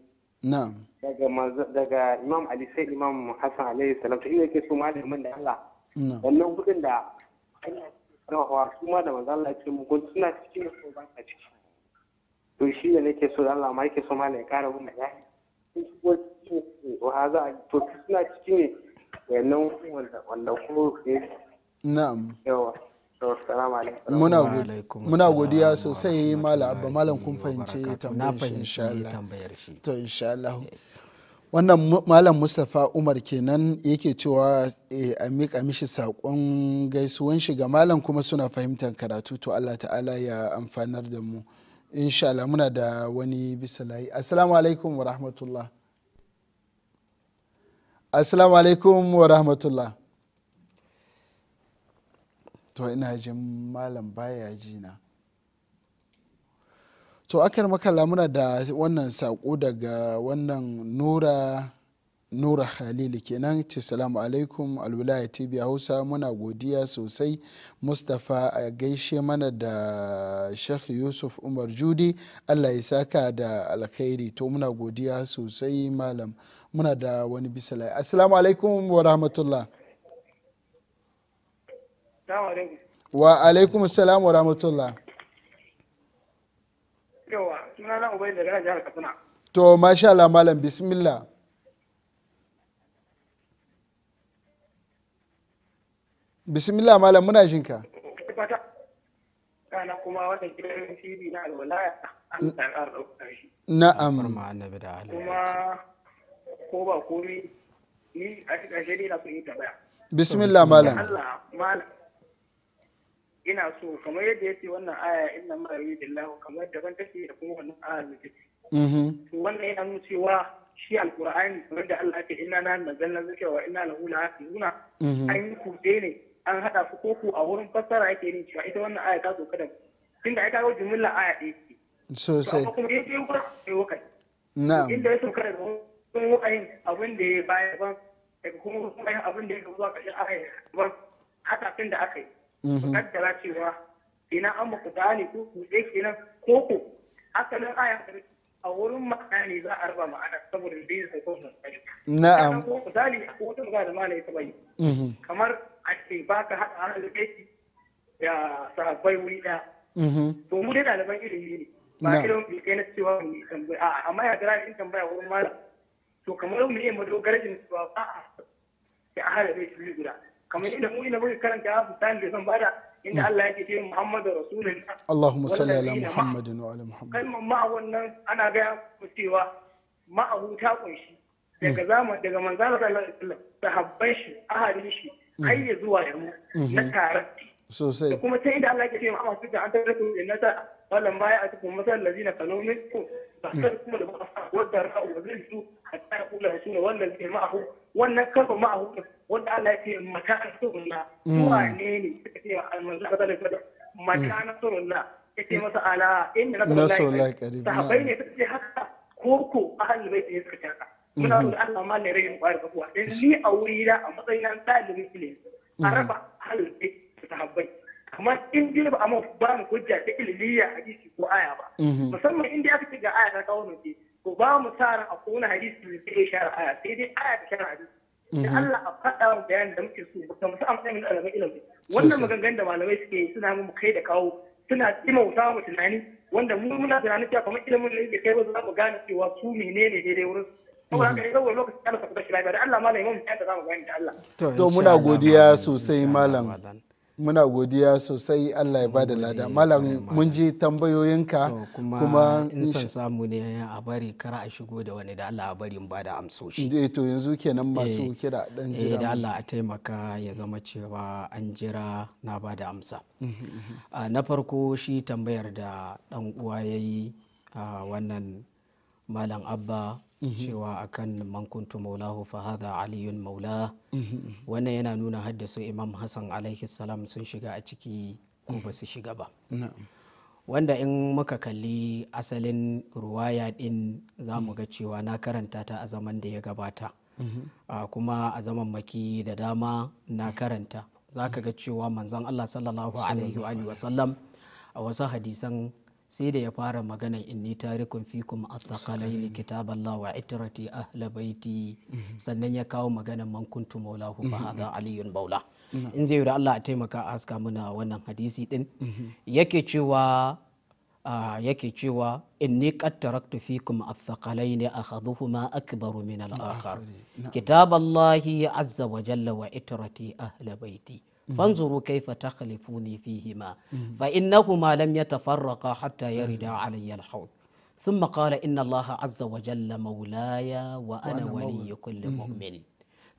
daga imam ali sai imam hasan alaihi salam to yake su ma da Allah wannan gudun da ana a su ma da manzala ce mun kunci suna cikin ko ba ciki to shi ne nake so Allah ma yake so ma ne kara wannan ya wa za a to suna ciki ne wannan wanda ko na'am yawa muna godiya sosai malam abba malam kun fahimci tambayar shi to insha Allah wannan malam mustapha umar kenan yake cewa eh, a miƙa mishi saƙon gaisuwan shi ga malam kuma suna fahimtar karatu to Allah ta'ala ya amfanar da mu insha Allah muna da wani bisa layi assalamu alaikum wa rahmatullah assalamu alaikum wa rahmatullah to ina jin malam baya jina to akar makalla muna da wannan saƙo daga wannan nura nura halili kenan ce salamu alaikum alwilaya tv hausa muna godiya sosai mustapha a gaishe mana da sheikh yusuf umar judi allah ya saka da alkhairi to muna godiya sosai malam muna da wani bisalai assalamu alaikum wa rahmatullah wa alaikum salam wa rahmatullah to masha Allah malam bismillah bismillah malam muna jin ka an na'am kuma bismillah malam ina so kamar yadda wannan aya inna ma kamar ban take da kuma wannan aya ne mm-hmm. to wannan yana nuna cewa shi alkur'ani kamar Allah ya inna na nazzalna zikra wa inna lahu mm-hmm. an yi kuɗe ne an haɗa su ko ku a wurin fassara yake yin cewa ita wannan aya ta sauka da tunda ai kawo jumla aya ɗaya ce sosai kuma ya na'am inda ya da abin da ya baya ban daga kuma abin da ya zuwa aya ban haka tun da aka yi mhm. cewa ina an muku gane ko ku kenan ko ku asalin aya a wurin ma'ana ne za a raba ma'ana saboda da yin sauƙon Na'am. Ko ko magana da malai ta mhm. Kamar ake ba ka haɗa an kai da sahabbai wuri ɗaya. Mhm. To mu dai ɗaliban yi ne. Ba a kira bai kai na cewa mu yi tambaya a'a amma ya gara in tambaya wurin malam. To kamar mu ne madogarajin cewa a'a da a haɗa bai shirya guda. Kamar inda mu ina muka karanta ya misali da zan bada inda mm. Allah yake ce Muhammadu Rasulullah. Allahumma salli ala Muhammadin wa ala Kai ma ma'a wannan ana gaya mu cewa ma'ahu ta kunshi mm. daga zaman daga manzara sallallahu alaihi wasallam sahabban shi ahadin shi har mm. ya zuwa yanzu na mm-hmm. taratti sosai da kuma ta inda Allah ke cewa amma fita an tarrafu jannata Wannan baya a cikin masal lazina kanu ko. basar mm. kuma da ba wadda ra'u wa zai su a ya kula shi ne wallan ke ma'ahu wannan kafa ma'ahu wanda Allah ya ce mata na sunna zuwa mm. ne ne suka ce almanzu ka zalika da makana sunna yake masa ala inna nasrullahi qarib sahabbai ne suka ce haka ko ahlul bait ne suka ce haka muna da mhm. Allah ma ne rage kwari kuwa. dan ni a wuri da a matsayin na ɗalibin ilimi a mhm. raba halin da sahabbai kamar in dai ba a ma ba mu hujja ta ilmiya hadisi ko aya ba mhm. musamman in dai aka ga aya ta kawo nuke Ko ba mu sa ran a kowane hadisi da ya shara aya sai dai aya ta share hadisi da Allah a faɗa wa bayanin da muke so ga musu amfani da ɗalibin ilimi wannan maganganun da malamai suke yi suna mu kai da kawo suna imauta mu tunani wanda mu muna tunanin cewa kamar ilimin da yake kai ba za mu gane cewa su menene daidai wurin saboda haka mm. idan wani lokaci ana sabu kashi lafiya da Allah malam mun ya ta mu gani ta Allah to muna godiya sosai malam muna godiya sosai Allah ya bada lada malam mun ji tambayoyinka kuma in san samu ne a bari kar a shigo da wani da Allah a bari in bada amsoshi eh, to yanzu kenan masu eh, kira dan jira eh, da Allah a taimaka ya zama cewa an jira na bada amsa mhm, mhm. Ah, na farko shi tambayar da dan uwa yayi ah, wannan malam abba cewa akan mankuntu maulahu fa aliyun maula mhm, mhm. wannan yana nuna su imam hassan alaihi salam sun shiga a ciki ko mhm. ba su shiga ba wanda in muka kalli asalin ruwaya din za mu ga cewa na karanta ta a zaman da ya gabata kuma a zaman maki da dama na karanta za ka ga cewa manzan allah sallallahu alaihi wa sallam a wasu hadisan sai da ya fara magana inni tarikun fikum athqalaini kitaballah wa itrati ahla baiti sannan ya kawo magana man kuntu maulahu aliyun baula in zai yi da Allah a taimaka a haska muna wannan hadisi din yake cewa yake cewa inni qad taraktu fikum athqalaini akhadhuhuma akbaru min al-akhar kitaballahi azza wa jalla wa itrati ahla baiti fanzuru kaifa takhlifuni fihima fa innahuma lam yatafarraqa hatta yarida alayya al-hawd ثم قال إن الله عز وجل مولاي وأنا ولي كل مؤمن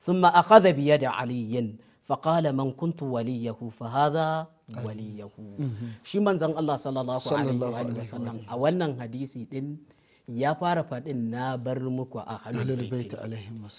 ثم أخذ بيد علي فقال من كنت وليه فهذا وليه شي من زن الله صلى الله عليه وآله وسلم أولا حديثي ya fara faɗin na bar muku a halul baiti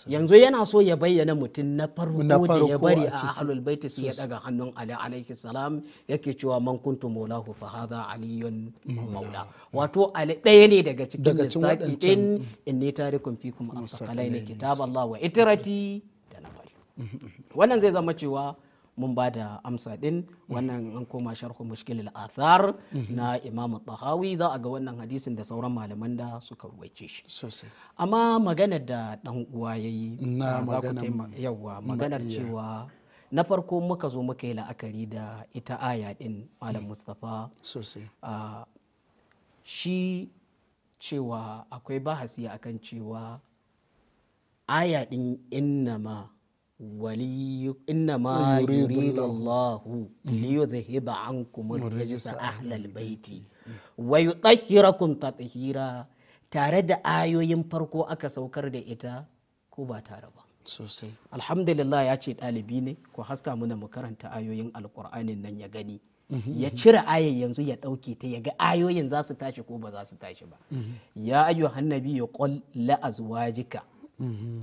yanzu yana so ya bayyana mutum na farko da ya bari a halul baiti sai ya daga hannun ali alaihi salam yake cewa man kuntu maulahu fa hadha aliyun maula wato ali ɗaya ne daga cikin lissafi din inni tarikum fikum amsakalaini kitab Allah wa itrati da nafari mm-hmm. wannan zai zama cewa mun ba da amsa din wannan an koma sharhu mushkil al-athar na imam tahawi za a ga wannan hadisin da sauran malaman da suka ruwaice shi sosai amma maganar da dan uwa yayi na magana yawa maganar cewa na farko muka zo muka yi la'akari da ita aya din malam mm. mustapha sosai shi cewa akwai bahasi akan cewa aya din innama waliyu inna ma yuridu Allahu liyudhhiba ankum ahlal tare da ayoyin farko aka saukar da ita ko ba tare ba sosai alhamdulillah ya ce ɗalibi ne ko haska muna mu karanta ayoyin alkur'anin nan ya gani ya cire ayar yanzu ya ɗauke ta ya ga ayoyin za su tashi ko ba za su tashi ba ya ayyuhan nabi ya qul la azwajika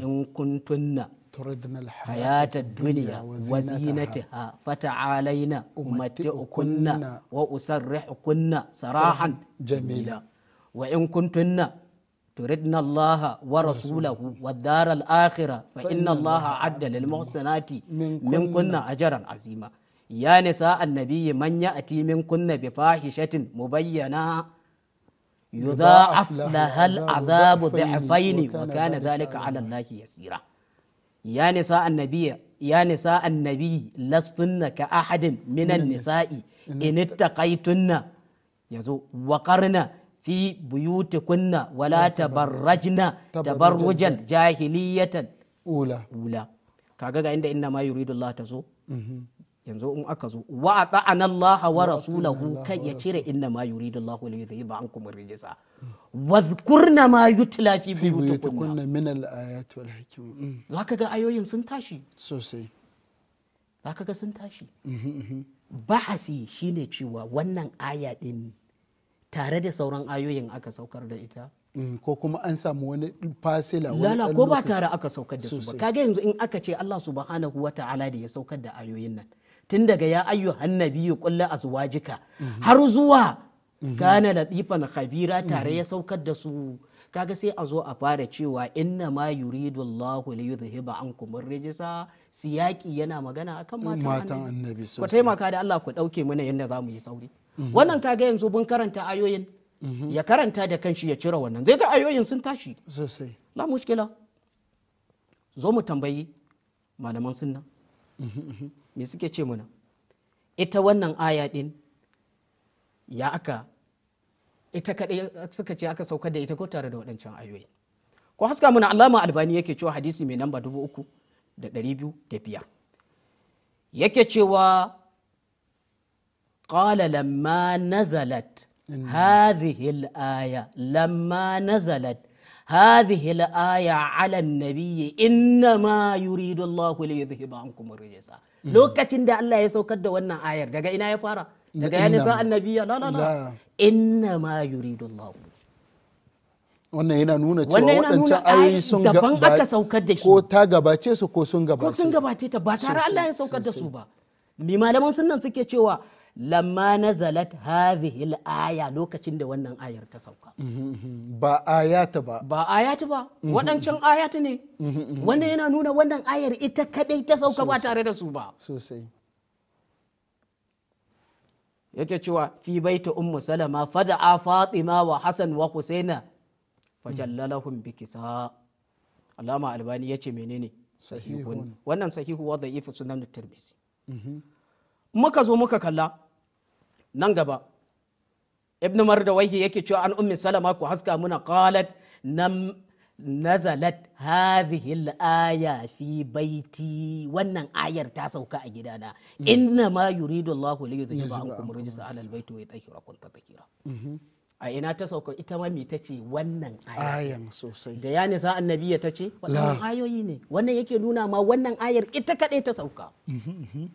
in kuntunna تردن الحياة الدنيا وزينتها فتعالينا أمتئكن وأسرحكن سراحا جميلا وإن كنتن تردن الله ورسوله والدار الآخرة فإن الله عد للمحسنات منكن أجرا عظيما يا نساء النبي من يأتي منكن بفاحشة مبينة يضاعف لها العذاب ضعفين وكان ذلك على الله يسيرا ya nisa annabiya ya annabi lastunna ka ahadin minan nisa'i in ittaqaytunna yazo wa qarna fi buyutikunna wala tabarrajna tabarrujal jahiliyatan ula ka kaga ga inda inna ma yuridullah ta zo mhm. yanzu in aka zo wa ta'ana Allah wa rasulahu kan ya cire inna ma yuridu Allah li yudhiba ankum rijsa wa dhkurna ma yutla fi buyutikunna min al ayati wal hikim mm. zaka ga ayoyin sun tashi sosai zaka ga sun tashi mm-hmm, mm-hmm. bahasi shine cewa wannan aya din tare da sauran ayoyin aka saukar da ita mm, ko kuma an samu wani fasila wani lala ko ba tare aka saukar da su ba kage yanzu in aka ce Allah subhanahu wata'ala ta'ala da ya saukar da ayoyin nan tun daga ya ya nabiyyu a zuwa azwajika har zuwa kana latifan khabira tare ya saukar da su kaga sai a zo a fara cewa inna ma yuridu Allahu li yudhhiba ankum rijsa siyaki yana magana akan matan annabi ku taimaka da Allah ku dauke mana yanda zamu yi sauri mhm. wannan kaga yanzu mun karanta ayoyin mhm. ya karanta da kanshi ya cire wannan zai ga ayoyin sun tashi sosai la mushkila zo mu tambayi malaman sunna mhm, me suke ce muna ita wannan aya din ya aka ita kaɗai suka ce aka saukar da ita ko tare da wadancan ayoyi ko haska muna alama albani yake cewa hadisi mai namba dubu uku da ɗari biyu da biyar yake cewa qala lamma nazalat hadhihi al-aya lamma nazalat هذه الآية على النبي إنما يريد الله ليذهب عنكم الرجس Mm. lokacin da Allah ya saukar da wannan ayar daga ina ya fara daga ya nisa annabiya la la la inna ma yuridu Allah wannan yana nuna cewa waɗancan ayoyi sun daban aka saukar da shi ko ta gabace su ko sun gabace ko sun gabace ta ba tare Allah ya saukar da su ba mi malaman sunan suke cewa lamma nazalat hadhihi aya lokacin da wannan ayar ta sauka mm-hmm. ba ayata ba ba ayata ba mm-hmm. waɗancan ayata ne mm-hmm. wannan yana nuna wannan ayar ita kadai ta sauka ba tare da su ba sosai yace cewa fi baita ummu salama fada'a fatima wa hasan wa husaina fajallalahum bikisa alama albani yace menene sahihun wannan sahihu wa da'ifu sunan tirmidhi muka zo muka kalla nan gaba ibn Wahi yake cewa an ummi salama ku haska muna qalat nam nazalat hadhihi al-aya fi baiti wannan ayar ta sauka a gidana mm-hmm. inna ma yuridu Allah li yudhhiba ankum rijsa ala al-baiti wa yutahhirakum tatheera mm-hmm. a ina ta sauka ita ma me ce wannan ayar sosai da ya nisa annabi ta ce wannan ayoyi ne wannan yake nuna ma wannan ayar ita kadai ta sauka mm-hmm,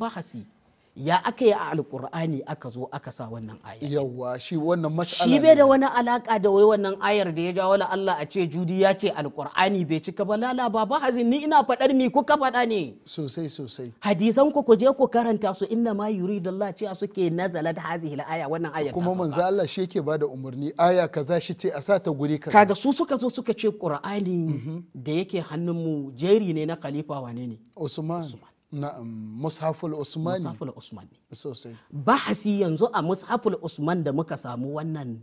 ba hasi ya aka yi a alkur'ani aka zo aka sa wannan ayar yawa shi wannan mas'ala shi bai da wani alaka da wai wannan ayar da ya ja wala Allah a ce judi ya ce alkur'ani bai cika ba lala baba hazin ni ina faɗar mi kuka faɗa ne sosai sosai hadisan ku ku je ku karanta su inna ma Allah ce suke nazalat hazihi aya wannan ayar kuma manzo Allah shi yake bada umarni aya kaza shi ce a sa ta guri kaza kaga su suka zo suka ce qur'ani mhm. da yake hannun mu jeri ne na khalifa wane ne Usman na'am mushaful usmani mushaful usmani sosai bahasi yanzu a mushaful usman da muka samu wannan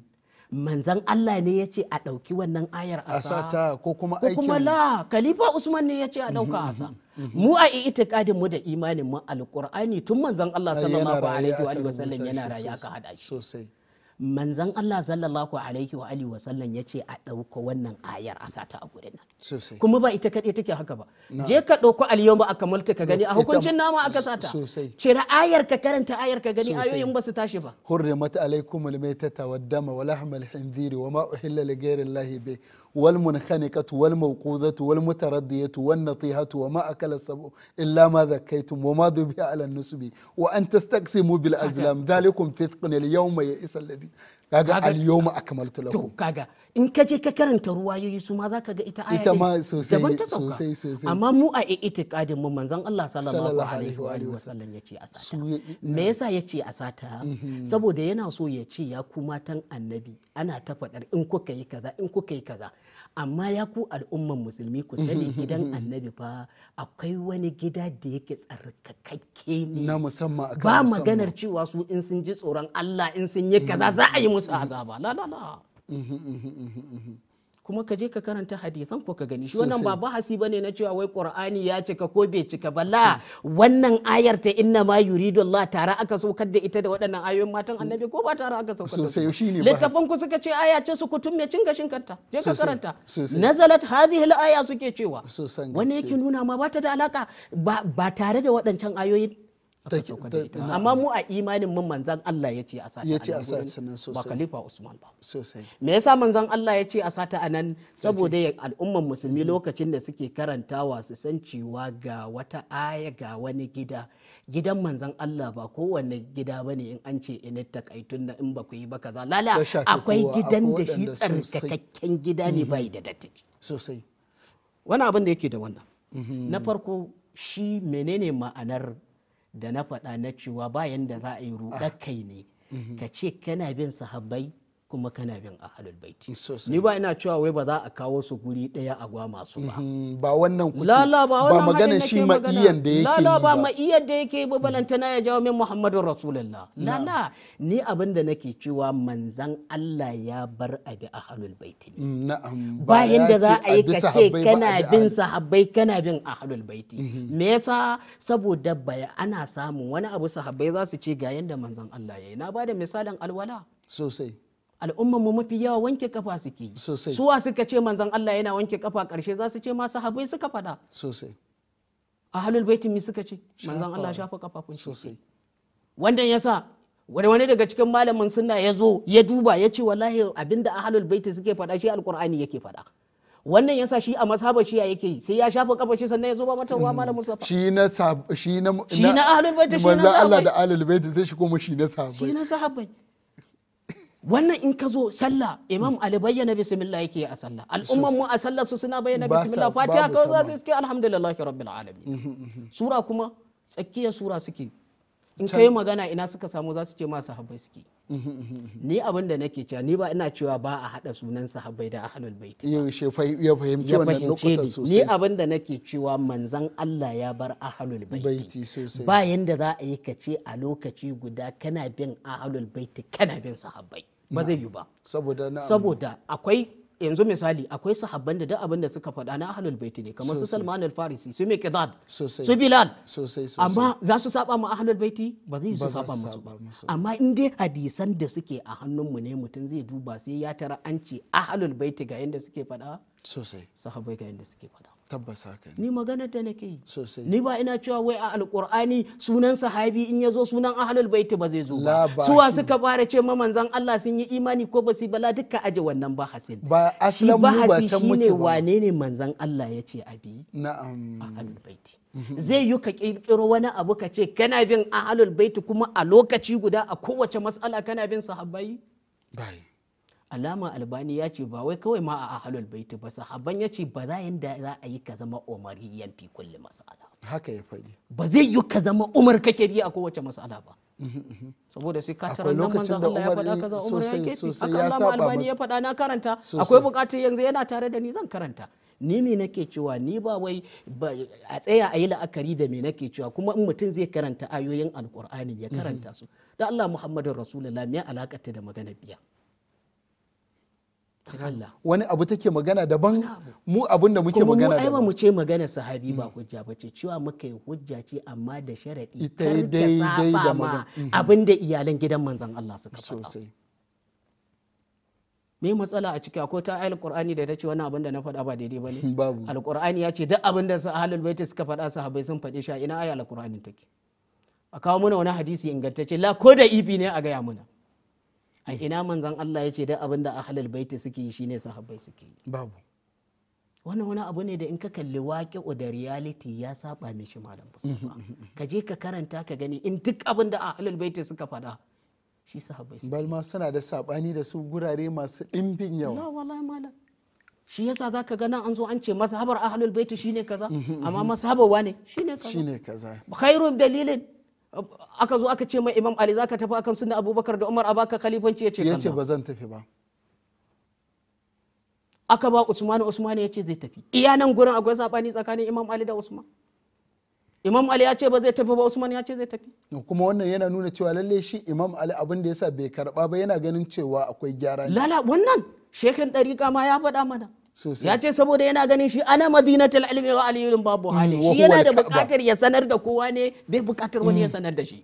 manzan Allah ne ya ce a ɗauki wannan ayar asa ta ko kuma aikin kuma la khalifa Usman ne ya ce a mhm, ɗauka asa mhm, mhm. mu a itikadin mu da imanin mu alqur'ani tun manzan Allah sallallahu alaihi wa sallam yana raye aka hada shi sosai manzan Allah sallallahu alaihi wa alihi wasallam ya ce a ɗauko wannan ayar a sata a gurin nan kuma ba ita kaɗai take haka ba je ka ɗauko alyawma aka multa ka gani a hukuncin nama aka sata cire ayar ka karanta ayar ka gani ayoyin ba su tashi ba hurrimat alaikum almaytata wad dama wa lahmal hinziri wa ma uhilla li ghayri allahi bi والمنخنقة والموقوذة والمتردية والنطيهة وما أكل السبع إلا ما ذكيتم وما ذبح على النسب وأن تستقسموا بالأزلام ذلكم فثق اليوم يئس الذي اليوم أكملت لكم in ka je ka karanta ruwayoyi su ma za ka ga ita aya ita ma sosai sosai sosai amma mu a itikadin mu manzon Allah sallallahu alaihi wa alihi wasallam yace a sata me yasa yace a sata mhm. saboda yana so ya ce ya ku matan annabi ana ta fadar in kuka yi kaza in kuka yi kaza amma ya ku al'umman musulmi ku sani gidan annabi fa akwai wani gida da yake tsarkakakke ne na musamman ba maganar cewa su in sun ji tsoron Allah in sun yi kaza mm. za a yi musu azaba la la la kuma ka je ka karanta hadisan ko ka gani shi wannan ba bahasi bane na cewa wai qur'ani ya cika ko bai cika ba la wannan ayar ta inna ma yuridu Allah tara aka saukar da ita da waɗannan ayoyin matan annabi ko ba tara aka saukar da sosai littafin ku suka ce aya ce su kutum me cin gashin kanta je ka karanta nazalat hadhihi al-aya suke cewa wani yake nuna ma ba ta da alaka ba tare da waɗancan ayoyin amma mu a imanin mun manzan Allah ya ce a sata ya ce a sata nan sosai ba khalifa Usman ba sosai me yasa manzan Allah ya ce a sata anan nan saboda al'umman musulmi lokacin da suke karantawa su san cewa ga wata aya ga wani gida gidan manzan Allah ba kowanne gida bane in an ce in takaitun da in ba ku yi ba kaza lala akwai gidan da shi tsarkakakken gida ne bai da datti sosai wani abin da yake da wannan mhm. na farko shi menene ma'anar da na faɗa na cewa bayan da za a yi ruɗa ah. kai ne mm-hmm. ka ce kana bin sahabbai kuma kana bin a halin baiti ni ba ina cewa wai ba za a kawo su guri daya a gwa masu mhm, ba ba wannan kuke ba magana shi ma'iyan da yake la ba ma'iyan da yake ba balantana ya jawo min muhammadun rasulullah la la ni abin da nake cewa manzan Allah ya bar abi halin baiti mm, na'am bayan da za a yi kace kana bin sahabbai kana bin a halin baiti mhm. me yasa saboda baya ana samun wani abu sahabbai za su ce ga yanda manzan Allah ya yi na bada misalin alwala sosai al'umman mu mafi yawa wanke kafa suke sosai suwa suka ce manzon Allah yana wanke kafa karshe za su ce ma sahabbai suka faɗa sosai halul baitin mi suka ce manzon Allah shafa kafafun sosai wannan yasa wani wani daga cikin malamin sunna ya zo ya duba ya ce wallahi abinda a halul baiti suke faɗa shi alqur'ani yake faɗa wannan yasa shi a mazhabar shi yake yi sai ya shafa kafa shi sannan ya zo ba mata wa malam musafa shi na shi na shi na ahlul baiti shi na Allah da ahlul baiti sai shi kuma shi na sahabbai shi na sahabbai wannan in ka zo sallah imam ali bayyana bismillah yake a sallah al'umman mu a sallah su suna bayyana bismillah fatiha kawai za su iske alhamdulillahi rabbil alamin mhm, mhm. sura kuma tsakiyar sura suke in ka yi magana ina suka samu za su ce masu sahabbai suke ni abin da nake cewa ni ba ina cewa ba a haɗa sunan sahabbai da ahlul bait ya fahimci wannan lokutan sosai ni abin da nake cewa manzan Allah ya bar ahlul bait ba yanda za a yi ka ce a lokaci guda kana bin ahlul bait kana bin sahabbai ba zai yi ba saboda akwai yanzu misali akwai sahabban da duk abin da suka faɗa na ahlul baiti ne kamar su Salman al-Farisi su Miqdad su Bilal amma za su saba ma ahlul baiti ba zai su saba musu ba amma in dai hadisan da suke a hannunmu ne mutum zai duba sai ya tara an ce ahlul baiti ga yanda suke faɗa sosai sahabbai ga yanda suke faɗa tabbas haka ni magana da nake yi ni ba ina cewa wai a alkur'ani sunan sahabi in yazo sunan ahlul baiti ba zai zo ba suwa suka fara ce ma manzon Allah sun yi imani ko ba su bala duka aje wannan ba hasin ba aslan mu ba can muke ba wane ne manzon Allah yace abi na'am ahlul baiti mhm. zai yi ka kirkiro wani abu ka ce kana bin ahlul baiti kuma a lokaci guda a kowace mas'ala kana bin sahabbai bai alama albani ya ce ba wai kawai ma a ahalul baiti ba sahaban ya ce ba za yanda za a yi ka zama umariyan fi kulli mas'ala haka ya faɗi ba zai yi ka zama umar kake bi a kowace mas'ala ba mhm, mhm. saboda sai ka nan manzo Allah ya faɗa kaza umar yake haka alama albani ya faɗa na karanta akwai buƙatar yanzu yana tare da ni zan karanta ni me nake cewa ni ba wai a tsaya a yi la'akari da me nake cewa kuma in mutum zai karanta ayoyin alkur'ani ya karanta mhm. su da Allah Muhammadun Rasulullah me ta da magana biya wani abu take magana daban mu abun da muke magana daban kuma mu ce magana sahabi ba hujja ba ce cewa muka yi hujja ce amma da sharadi kar ta saba ma mm-hmm. abin da iyalan gidan manzon Allah suka faɗa me matsala a ciki akwai ta ayar qur'ani da ta ce wani abin da na faɗa ba daidai ba ne babu alqur'ani ya ce duk abin da ahlul baiti suka faɗa sahabbai sun faɗe shi ina ayar alqur'ani take a kawo muna wani hadisi ingantacce la ko da ibi ne a gaya muna a ina manzan Allah ya ce da abin da ahlul baiti suke yi shine sahabbai suke yi babu wannan wani abu ne da in ka kalli waƙi'u da reality ya saba mishi malam musamman mm-hmm, mm-hmm. ka je ka karanta ka gani in duk abin da ahlul baiti suka faɗa shi sahabbai suke balma suna da sabani da su gurare masu ɗimbin yawa la wallahi malam shi yasa za ka gana an zo an ce masahabar ahlul baiti shine kaza mm-hmm, amma mazhabar wane shine kaza shine kaza khairun dalilin aka zo aka ce mai imam ali zaka tafi akan sunna abubakar da umar a baka khalifanci ce ya ce ba zan tafi ba aka ba usmanu ya ce zai tafi iya nan gurin akwai sabani tsakanin imam ali da usman imam ali ya ce ba zai tafi ba usman ya ce zai tafi kuma wannan yana nuna cewa lalle shi imam ali abin da yasa bai karba ba yana ganin cewa akwai gyara lala wannan shekin dariƙa ma ya faɗa mana ya ce saboda yana ganin shi ana madinatul ilmi wa aliyun babu hali mm, shi yana da bukatar ya sanar da kowa ne bai bukatar wani ya mm. sanar da shi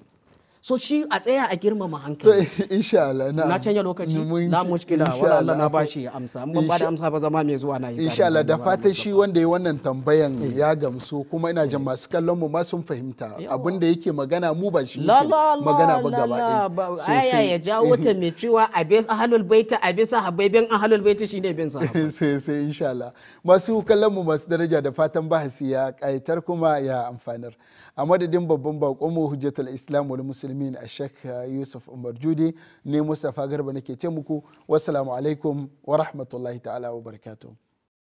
so shi a tsaya a girmama hankali insha Allah na na canya lokaci na mushkila wala Allah na bashi amsa amma ba da amsa ba zama mai zuwa na yi insha Allah da fatan shi wanda ya wannan tambayan eh. ya gamsu kuma ina jin masu kallon mu ma sun fahimta abin da yake magana mu ba shi magana ba gaba ɗaya ya jawo eh. ta mai ciwa a bisa ahlul baita a bisa habaibin ahlul baita shine bin sa sai sai insha Allah masu kallon mu masu daraja da fatan bahasi ya kaitar kuma ya amfanar a madadin babban bakon mu hujjatul islam wal muslim amin a shek uh, yusuf umar jude ne mustapha garba nake ce muku wassalamu alaikum wa rahmatullahi ta'ala wa barakatuh